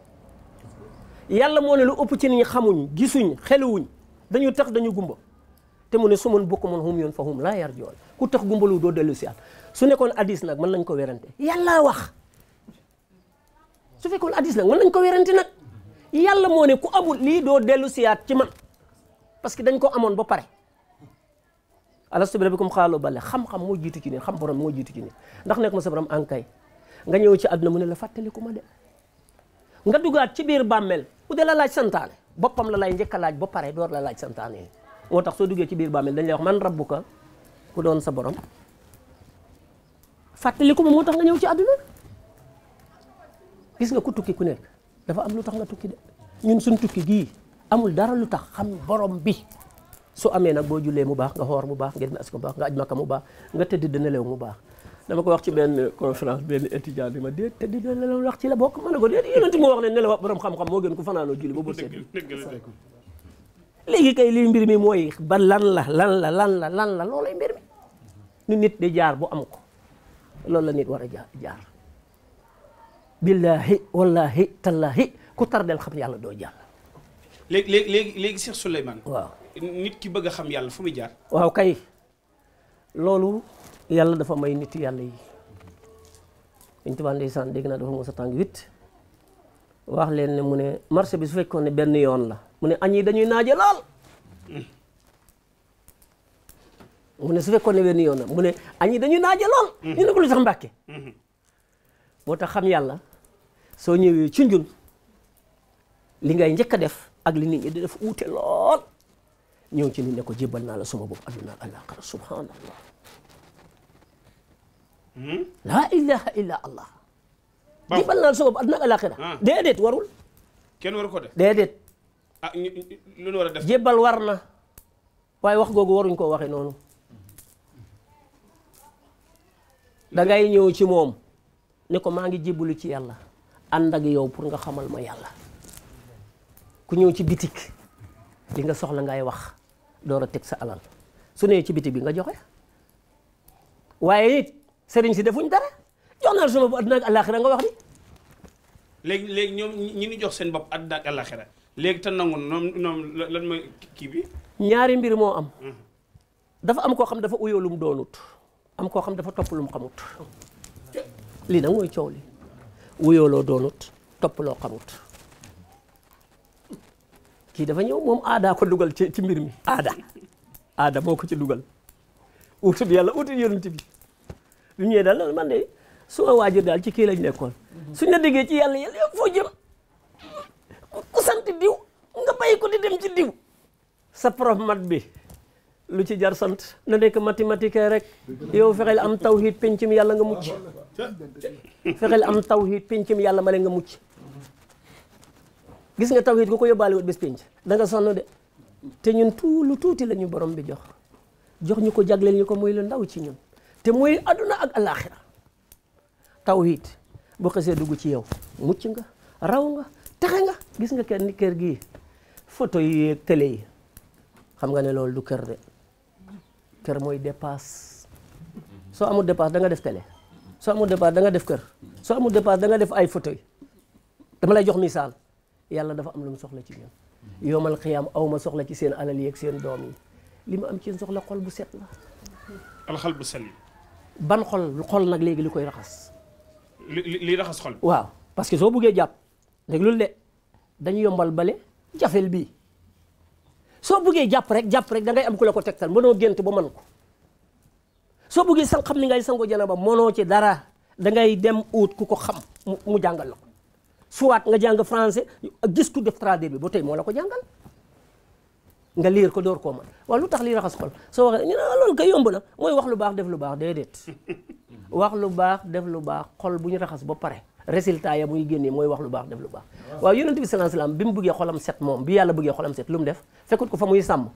yàlla moo ne lu ëpp ci nit ñi xamuñ gisuñ xeluwuñ dañu tax dañu gumba te mu ne su man bokk man hum yoon fa hum laa yar joon ku tax gumbalu doo dellu si at su nekkoon hadis nag mën nañ ko werante yàlla wax su fekkoon hadis nag mën ko werante nag yàlla moo ne ku amul lii doo dellu siyaat ci man parce que dañ ko amoon ba pare alastu bi rabbikum xaalu bale xam-xam moo jiitu ci nit xam borom moo jiitu ci nit ndax ne ma sa borom ankay nga ñëw ci àdduna mu ne la fàttaliku ma de nga dugaat ci biir bàmmeel ku dee la laaj santaane boppam la lay njëkk laaj ba pare door la laaj santaane yi moo tax soo duggee ci biir bàmmeel dañ lay wax man rabbuka ku doon sa borom fàttaliku ma moo tax nga ñëw ci àdduna gis nga ku tukki ku nekk dafa am lu tax nga tukki de ñun suñ tukki gii amul dara lu tax xam borom bi su amee nag boo jullee mu baax nga xoor mu baax nga dem asko mu baax nga aj makka mu baax nga tëdd dina lew mu baax dama ko wax ci benn conférence benn étudiant bi ma déet tëdd dina lew wax ci la bokk ma ne ko déet yonent moo wax ne nelaw borom xam-xam moo gën ku fanaanoo julli ba bët set léegi kay lii mbir mi mooy ba lan la lan la lan la lan la loolay mbir mi nu nit di jaar bu am ko loolu la nit war a jaar jaar billaahi wallaahi tallaahi ku tardel xam yàlla doo jàll léegi léegi léegi Cheikh Souleymane waaw nit bëgg a xam yàlla fu muy jaar. waaw kay loolu yàlla dafa may nit yàlla yi. biñ tubaab ndeysaan dégg naa dafa mos a tàng huit wax leen ne mu ne marché bi su fekkoon ne benn yoon la mu ne añ yi dañuy naaje lool. mu ne su fekkoon ne benn yoon la mu ne añ yi dañuy naaje lool. ñu ne ko lu sax mbàkke. moo xam yàlla soo ñëwee ci njun li ngay njëkk def ak li nit ñi di def uute lool. ñëw ci nit ne ko jébbal naa la suma bopp adduna ak àllaaxira subhaanallah hmm? laa ilaha illa allah jébbal naa la suma bopp adduna ak àllaaxira ah. warul kenn waru ko def déedéet ah war a waaye wax googu waruñ koo waxe noonu da ngay ñëw ci moom ne ko maa ngi jébbalu ci yàlla ànd ak yow pour nga xamal ma yàlla ku ñëw ci bitik li nga soxla ngay wax door a teg sa alal su nee ci biti bi nga joxe waaye it sëriñ si defuñ dara jox naa suma bu àdduna ak àllaaxira nga wax ni. léegi léegi ñi ngi jox seen bopp àdduna ak àllaaxira léegi te nangu noom noom lan mooy kii bi. ñaari mbir moo am. Mm-hmm. dafa am koo xam dafa uyoo lu mu doonut am koo xam dafa topp lu mu xamut lii nag mooy coow li uyoo loo doonut topp loo xamut. kii dafa ñëw moom aada ko dugal ci ci mbir mi aada aada moo ci dugal utut yàlla utut yonent bi bi ñëwee daal man de su waajur daal ci kii lañ nekkoon suñ la déggee ci yàlla yàlla yow foo jëm ku sant diw nga bàyyi ko di dem ci diw sa prof mat bi lu ci jar sant na nekk mati rek yow fexeel am tawhid pencum yàlla nga mucc fexeel am tawhid pencum yàlla ma nga mucc gis nga tawhid ku ko yóbbaale wut bés pénc da nga sonn de te ñun tout lu tuuti la ñu borom bi jox jox ñu ko jagleel ñu ko muy lu ndaw ci ñun te muy aduna ak taw tawhid bu xasee dugg ci yow mucc nga raw nga texe nga gis nga kenn kër gii photo yi yeeg yi xam nga ne loolu du kër de kër mooy dépasse soo amul dépasse da nga def télé soo amul dépasse da def kër soo amul dépasse da nga def ay photo yi dama lay jox misaal yàlla dafa am lu mu soxla ci ñun yowmal xiyaam aw ma soxla ci seen alal yi ak seen doom yi li mu am ci soxla xol bu set la alxal bu salim ban xol xol nag léegi li koy raxas li raxas xol waaw parce que soo buggee jàpp dégg loolu de dañu yombal bale jafel bi soo buggee jàpp rek jàpp rek da ngay am ku la ko tegtal mënoo gént ba mën ko soo buggee sang xam ni ngay ko jana ba mënoo ci dara da ngay dem uut ku ko xam mu jàngal la soit nga jàng français gis ku def traduit bi ba tey moo la ko jàngal nga liir ko door koo mën waaw lu tax lii raxas xol soo waxee ñu ne loolu kay yomb na mooy wax lu baax def lu baax déedéet wax lu baax def lu baax xol bu ñu raxas ba pare résultat ya muy génnee mooy wax lu baax def lu baax waaw yonent bi sallallahu alayhi bi mu bëggee xolam set moom bi yàlla bëggee xolam set lu mu def fekkut ko fa muy sàmm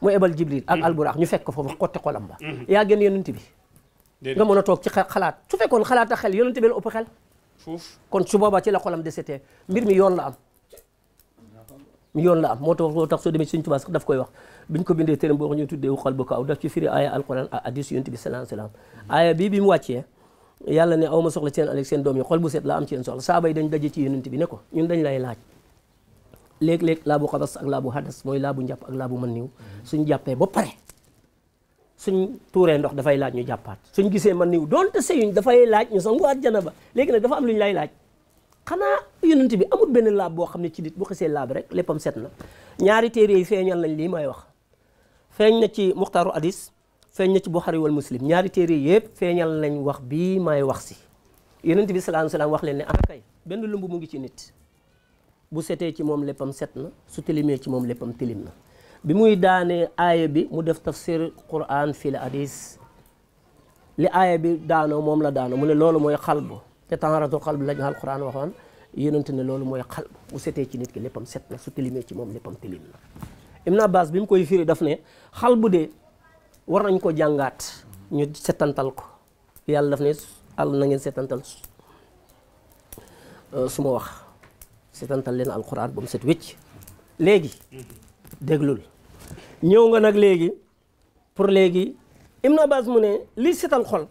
mu ebal jibril ak mm-hmm. alburaax ñu fekk ko foofu xotti xolam ba mm-hmm. yaa gën yonent mën a ci xalaat su fekkoon xalaat ak xel yonent bi la kon su boobaa ci la de desetee mbir mi yoon la am yoon la am moo tax moo tax soo demee Sëriñ Tuubaa sax daf koy wax biñ ko bindee téeram boo xam ñu tuddee xal bu kaaw daf ci firi aaya alquran ak hadiis yonent bi sallallahu alayhi wa sallam aaya bii bi mu ne aw ma soxla seen aleeg seen doom yi xol bu set la am ci yéen soxla saaba yi dañ daje ci yonent bi ne ko ñun dañ lay laaj léeg-léeg laa bu xabas ak laa bu hadas mooy laa bu njàpp ak laa bu mën niw suñ jàppee ba pare suñ tuuree ndox dafay laaj ñu jàppaat suñ gisee man niw doonte seyuñ dafay laaj ñu sanguwaat janaba léegi nag dafa am lu ñu lay laaj xanaa yonent bi amul benn laab boo xam ne ci nit bu xasee laab rek léppam set na ñaari téere yi feeñal nañ lii may wax feeñ na ci muxtaaru hadis feeñ na ci buxaari wal muslim ñaari téere yëpp feeñal nañ wax bii may wax si yonent bi salaan salaam wax leen ne ana kay benn lumb mu ngi ci nit bu setee ci moom léppam set na su tilimee ci moom léppam tilim na bi muy daanee aaya bi mu def tafsir quran fii la hadis li aaya bi daanoo moom la daanoo mu ne loolu mooy xalbu te taharatu xalbu lañ al quran waxoon yéenante ne loolu mooy xalbu bu setee ci nit ki léppam set na su tilimee ci moom léppam tilim na Ibn Abbas bi mu koy firi daf ne xalbu de war nañ ko jàngaat ñu setantal ko yàlla daf ne àll na ngeen setantal su euh, ma wax setantal leen alquran ba mu set wécc léegi déglul ñëw nga nag léegi pour léegi Ibn Abbas mu ne li setal xol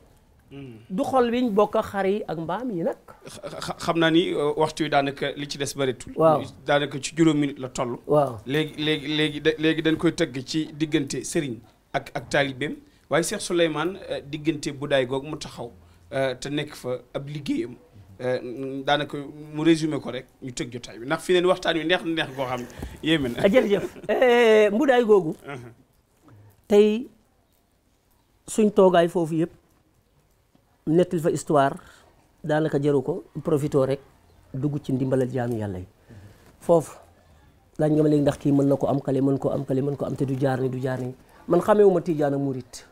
hmm. du xol biñ bokk xar ak mbaam yi nag xam naa ni euh, waxtu yi daanaka li ci des bëreetul waaw daanaka ci juróom minute la toll waaw léegi léegi léegi léegi dañ koy tëgg ci diggante sëriñ ak ak taalibeem waaye Cheikh Souleymane euh, diggante bu daay googu mu taxaw euh, te nekk fa ab liggéeyam Euh, daanaka mu résumé ko rek ñu tëg jotaay bi ndax fi neen waxtaan wi neex na neex koo xam ne a na. Ah, jërëjëf euh, mbudaay googu. Uh-huh. tey suñ toogaay foofu yëpp nettali fa histoire daanaka jaru ko profité rek dugg ci ndimbalal jaami yàlla yi foofu laaj nga ma léegi ndax kii mën na ko am kale mën ko am kale mën ko am te du jaar ni du jaar ni man xamee wu ma tijaan ak murit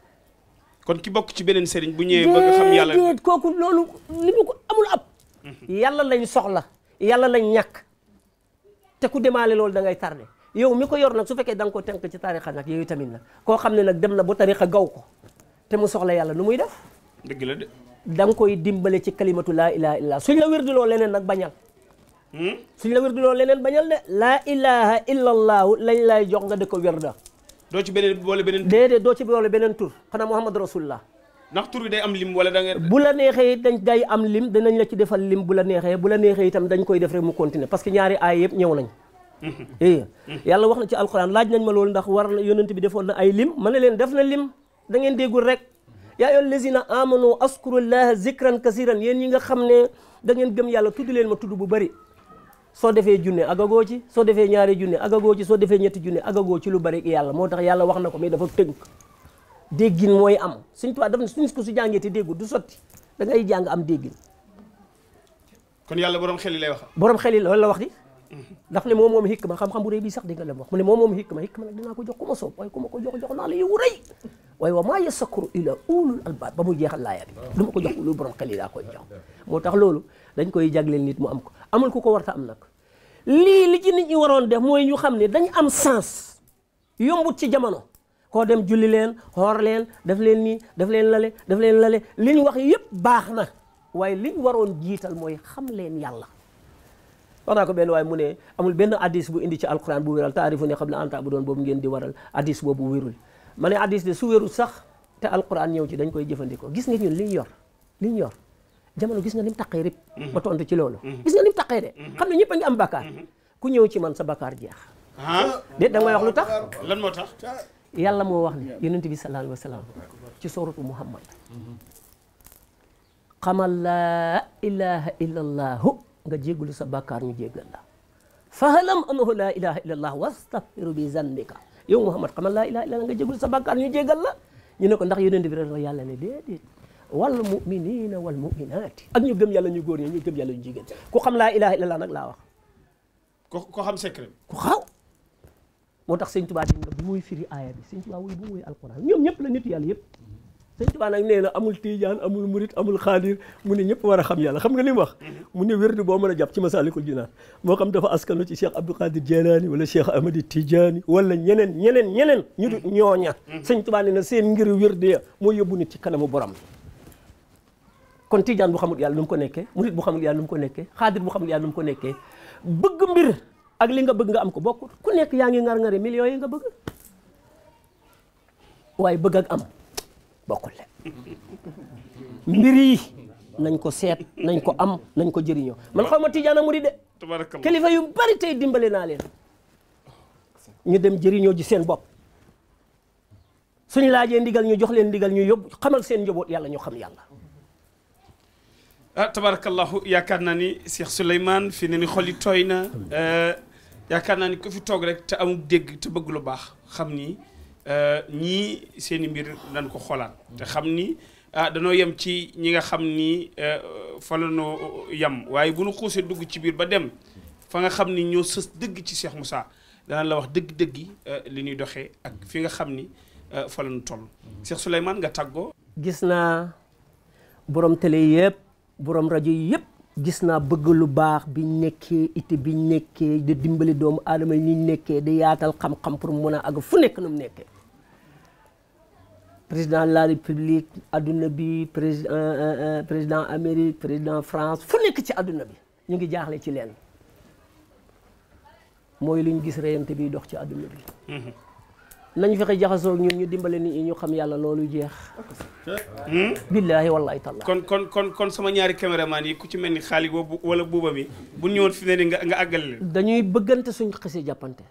kon ki bokk ci beneen sëriñ bu ñëwee bëgg xam yàlla kooku loolu li mu ko amul ab yàlla lañ soxla yalla lañ ñàkk te ku demaale loolu da ngay tardé yow mi ko yor nag su fekkee da nga ko tënk ci tarixa nag yooyu tamit nag koo xam ne nag dem na ba tarixa gaw ko te mu soxla yàlla nu muy def dëgg la de da nga koy dimbale ci kalimatu laa ilaha illa suñ la wirduloo leneen nag bañal hmm? suñ la wirduloo leneen bañal de laa ilaha illa allaahu lañ lay jox nga di ko wirda doo ci beneen boole beneen déedéet doo ci boole beneen tur xanaa muhammad rasulullah ndax tur bi day am lim wala da ngeen bu la neexee dañ day am lim danañ la ci defal lim bu la neexee bu la neexee itam dañ koy def rek mu continuer parce que ñaari aay yëpp ñëw nañ i eh, yàlla wax na ci alxuraan laaj nañ ma loolu ndax war na yonent bi defoon na ay lim ma ne leen def na lim da ngeen déggul rek yaa ayyuhal lazina amanu askurullaha zikran kasiran yéen ñi nga xam ne da ngeen gëm yàlla tudd leen ma tudd bu bëri soo defee junne agagoo ci soo defee ñaari junne agagoo ci soo defee ñetti junne agagoo ci lu bari yàlla moo tax yàlla wax na ko mais dafa tënk déggin mooy am suñ tubaab daf ne suñ ko su jàngee te déggu du sotti dangay jàng am déggin. kon yàlla borom xel yi lay wax. borom xel yi loolu la wax di. daf ne moom moom hikma xam-xam bu rëy bii sax dégg la wax ne moom moom hikma hikma nag ko jox ku ma soob waaye ku ma ko jox jox waaye wa maa yasakkuru ila ulul ba mu jeexal laaya bi ma ko jox lu borom xel yi laa koy jox moo tax loolu dañ koy jagleel nit mu am ko amul ku ko warta am nag lii li ci nit ñi waroon def mooy ñu xam ne dañ am sens yombut ci jamono koo dem julli leen xoor leen def leen nii daf leen lale daf leen lale li ñu wax yépp baax na waaye li ñu waroon jiital mooy xam leen yàlla wax naa ko benn waaye mu ne amul benn addis bu indi ci alquran bu wéral taarifu ne qabla an ta'budoon boobu ngeen di waral addis boobu wérul ma ne addis de su wérul sax te alquran ñëw ci dañ koy jëfandikoo gis nga ñun li yor li ñu yor jamono gis nga ni mu taqee rip ma mhm. tontu ci loolu mhm. gis nga ni mu taqee de mhm. xam ne ñëpp a ngi am bakkaar ku ci man sa bakkaar jeex ah. déet da yàlla moo wax ne yonent bi sallallahu alayhi wa sallam ci sooratu muhammad xamal laa ilaha illallahu nga jéggalu sa bàkkaar ñu jéggal la fahalam annahu laa ilaha illallah wastaghfiru bi zanbika yow muhammad xamal laa ilaha illallah nga jéggalu sa bàkkaar ñu jéggal la ñu ne ko ndax yonent bi rek yàlla ne déedéet wal muminina wal muminaati ak ñu gëm yàlla ñu góor ñi yàlla ñu jigéen ku xam laa ilaha illallah nag laa wax ko xam secret ku xaw moo tax sëñ tubaa dem na bi muy firi aaya bi sëñ tubaa wuy bu muy alquran ñoom ñëpp la nit yàlla yëpp sëñ tubaa nag nee na amul tiijaan amul murit amul xaadir mu ne ñëpp war a xam yàlla xam nga li mu wax mm-hmm. mu ne wérdu boo mën a jàpp ci masalikul jinaan moo xam dafa askanu ci cheikh abdou qadir jeylaani wala cheikh amadi tijaani wala ñeneen ñeneen ñeneen ñu du mm-hmm. ñooña mm-hmm. sëñ tubaa nee na seen ngir wérdu ya moo yóbbu nit ci kanamu borom kon tiijaan bu xamul yàlla nu mu ko nekkee murit bu xamul yàlla nu mu ko nekkee xaadir bu xamul yàlla nu mu ko nekkee bëgg mbir ak li nga bëgg nga am ko bokkut ku yaa ngi ngar-ngari millions yi nga bëgg waaye bëgg ak am bokkul le mbir yi nañ ko seet nañ ko am nañ ko jëriñoo man xaw ma tijaana mu di de kilifa yu bari tey dimbale naa leen ñu dem jëriñoo ji seen bopp suñu laajee ndigal ñu jox leen ndigal ñu yóbbu xamal seen njaboot yàlla ñu xam yàlla ah tabarakallahu yaakaar naa ni Cheikh Souleymane fi ne ni na yaakaar naa ni ku fi toog rek te amul dégg te bëgg lu baax xam ni euh, ñii seeni i mbir dañ ko xoolaat. te xam ni ah danoo yem ci ñi nga xam ni euh, fa la noo yem waaye bu nu xuusee dugg ci biir ba dem fa nga xam ni ñoo sës dëgg ci Cheikh musa danaan la wax dëgg-dëgg euh, li ñuy doxee ak fi nga xam ni fa la nu toll. Cheikh Souleymane nga tàggoo. gis naa borom télé yëpp borom rajo yëpp. gis naa bëgg lu baax biñ nekkee ité biñ nekkee di dimbali doomu aadama yi niñ nekkee di yaatal xam-xam pour mun a àgg fu nekk nu mu nekkee président la république adduna bi président euh, euh, euh, président Amérique président France fu nekk ci adduna bi ñu ngi jaaxle ci leen mooy luñ gis reyante bi dox ci adduna bi mm-hmm. nañu fexe jaxasoo ñun ñu dimbale nit ñi ñu xam yàlla loolu jeex. billaahi wallaahi tallaahi. kon kon kon kon sama ñaari caméraman yi ku ci mel ni xaalis boobu wala buuba mi bu ñëwoon fi ne ni nga nga àggal leen. dañuy bëggante suñ xasee jàppante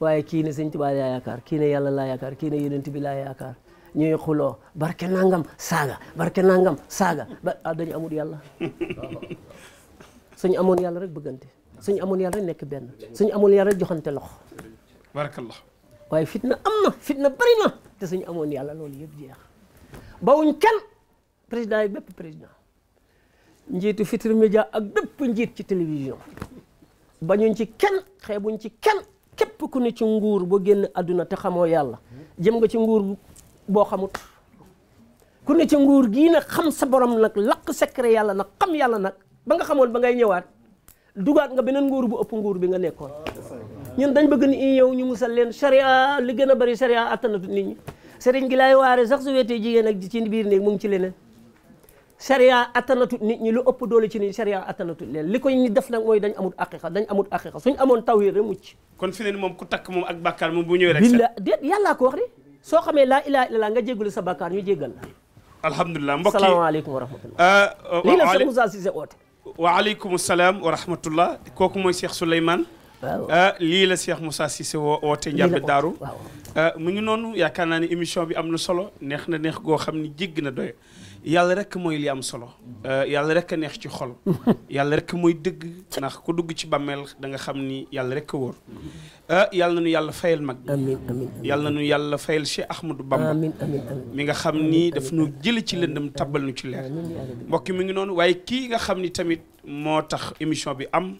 waaye kii ne sëñ Tuubaa laa yaakaar kii ne yàlla laa yaakaar kii ne yonent bi laa yaakaar ñuy xuloo barke nangam saaga barke nangam saaga ba ah dañu amul yàlla suñu amoon yàlla rek bëggante suñu amoon yàlla rek nekk benn suñu amoon yàlla rek loxo. waaye fitna am na fitna bari na te suñu amoon yàlla loolu yëpp jeex bawuñ kenn président yi bépp président njiitu Futurs Médias ak bépp njiit ci télévision bañuñ ci kenn xeebuñ ci kenn képp ku ne ci nguur boo génn àdduna te xamoo yàlla jëm nga ci nguur boo xamut ku ne ci nguur gii nag xam sa borom nag laq secret yàlla nag xam yàlla nag ba nga xamoon ba ngay ñëwaat dugaat nga beneen nguur bu ëpp nguur bi nga nekkoon ñun dañ bëgg ni yow ñu musal leen charia li gën a bari charia attanatu nit ñi sëriñ gi laay waare sax su weetee jigéen ak ci biir néeg mu ngi ci leneen charia attanatut nit ñi lu ëpp doole ci nit charia attanatut leen li koy ñi def nag mooy dañ amut aqiqa dañ amut aqiqa suñ amoon tawhid rek mucc kon fi leen moom ku takk moom ak bàkkaar moom bu ñëwee rek billa déet ko wax de soo xamee laa ilaha illallah nga jéggalu sa bàkkaar ñu jéggal la alhamdulilah mbokk yi salaamaaleykum wa rahmatullah euh, lii la sa Moussa Cissé oote waaleykum salaam wa rahmatullah kooku mooy Cheikh Souleymane Euh, lii la Cheikh Moussa Cissé woo woote njàmbe daaru euh, mu ngi noonu yaakaar naa ne émission bi am na solo neex na neex goo xam ne jégg na doy yàlla rek mooy li am solo euh, yàlla rek a neex ci xol yàlla rek mooy dëgg ndax ku dugg ci bàmmeel da nga xam ni yàlla rek a wóor yàlla na nu yàlla fayal mag yàlla na nu yàlla fayal si Ahmadou Bamba amiin amiin mi nga xam ni daf nu jële ci lëndëm tabbal nu ci leer mbokk mi ngi noonu waaye kii nga xam ni tamit moo tax émission bi am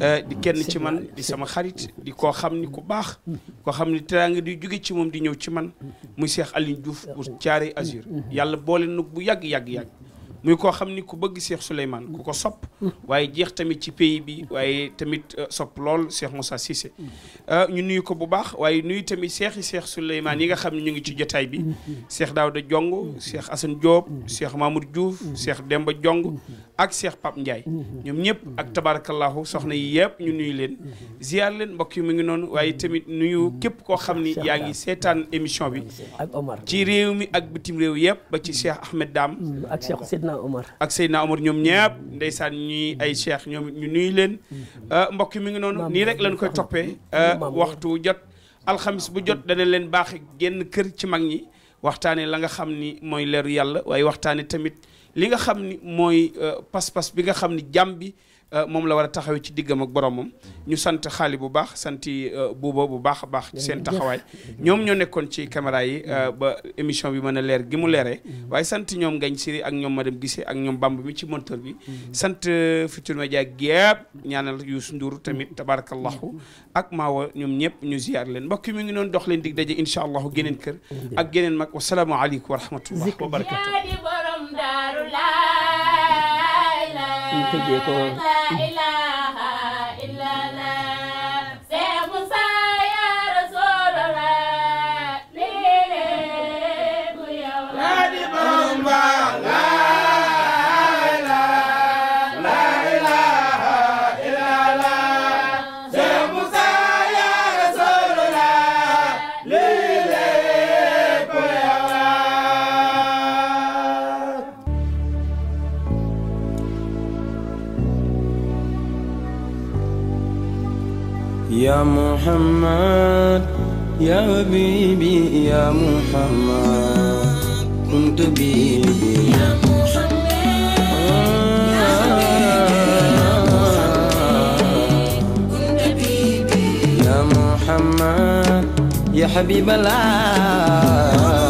Euh, di kenn ci man di sama xarit di koo xam ni ku baax koo xam ni teraanga di jóge ci moom di ñëw ci man muy Cheikh Alioune Diouf bu Thiaré Azur yàlla boole nu bu yàgg-yàgg-yàgg muy koo xam ni ku bëgg Cheikh Souleymane ku ko sopp waaye jeex tamit ci pays bi waaye tamit euh, sopp lool Cheikh Moussa Cissé euh, ñu nuyu ko bu baax waaye nuyu tamit Cheikh yi Cheikh Souleymane yi nga xam ne ñu ngi ci jotaay bi daaw Cheikh Daouda Diong Cheikh Assane Diop Cheikh Mamour Diouf Cheikh Demba jong ak Cheikh Pape Ndiaye. ñoom ñëpp ak tabarakallahu soxna yi yëpp ñu nuyu leen. ziar leen mbokk yi mu ngi noonu waaye tamit nuyu képp koo xam ni yaa ngi seetaan émission bi. ak Omar ci réew mi ak bitim réew yëpp ba ci Cheikh Ahmed Dame. ak Cheikh Seydina Omar. ak Seydina Omar ñoom ñëpp ndeysaan ñuy ay Cheikh ñoom ñu nuyu leen. Euh, mbokk yi mu ngi noonu nii rek lañ koy toppee euh, waxtu jot. alxamis bu jot dana leen baax genn kër ci mag ñi waxtaane la nga xam ni mooy leeru yàlla waaye waxtaane tamit. li nga xam ni mooy euh, pas-pas bi nga xam ni jàmm bi euh, moom la war a taxawee ci diggam ak boromam ñu sant xaali bu baax santi euh, buuba bu baax a baax ci seen taxawaay ñoom ñoo nekkoon ci caméra yi ba émission bi mën a leer gi mu leeree mm-hmm. waaye sant ñoom ngañ si ak ñoom ma madame Gissé ak ñoom bamb mi ci monteur bi mm-hmm. sant Futurs Médias gépp ñaanal Youssou Ndour tamit tabarakallahu mm-hmm. ak maawa ñoom ñëpp ñu ziar leen mbokk mi ngi noonu dox leen dig daje incha allahu geneen kër ak geneen mag wasalaamu aleykum wa rahmatullah ñu tëjee ko يا محمد يا حبيبي يا محمد كنت بي يا محمد يا محمد يا حبيب الله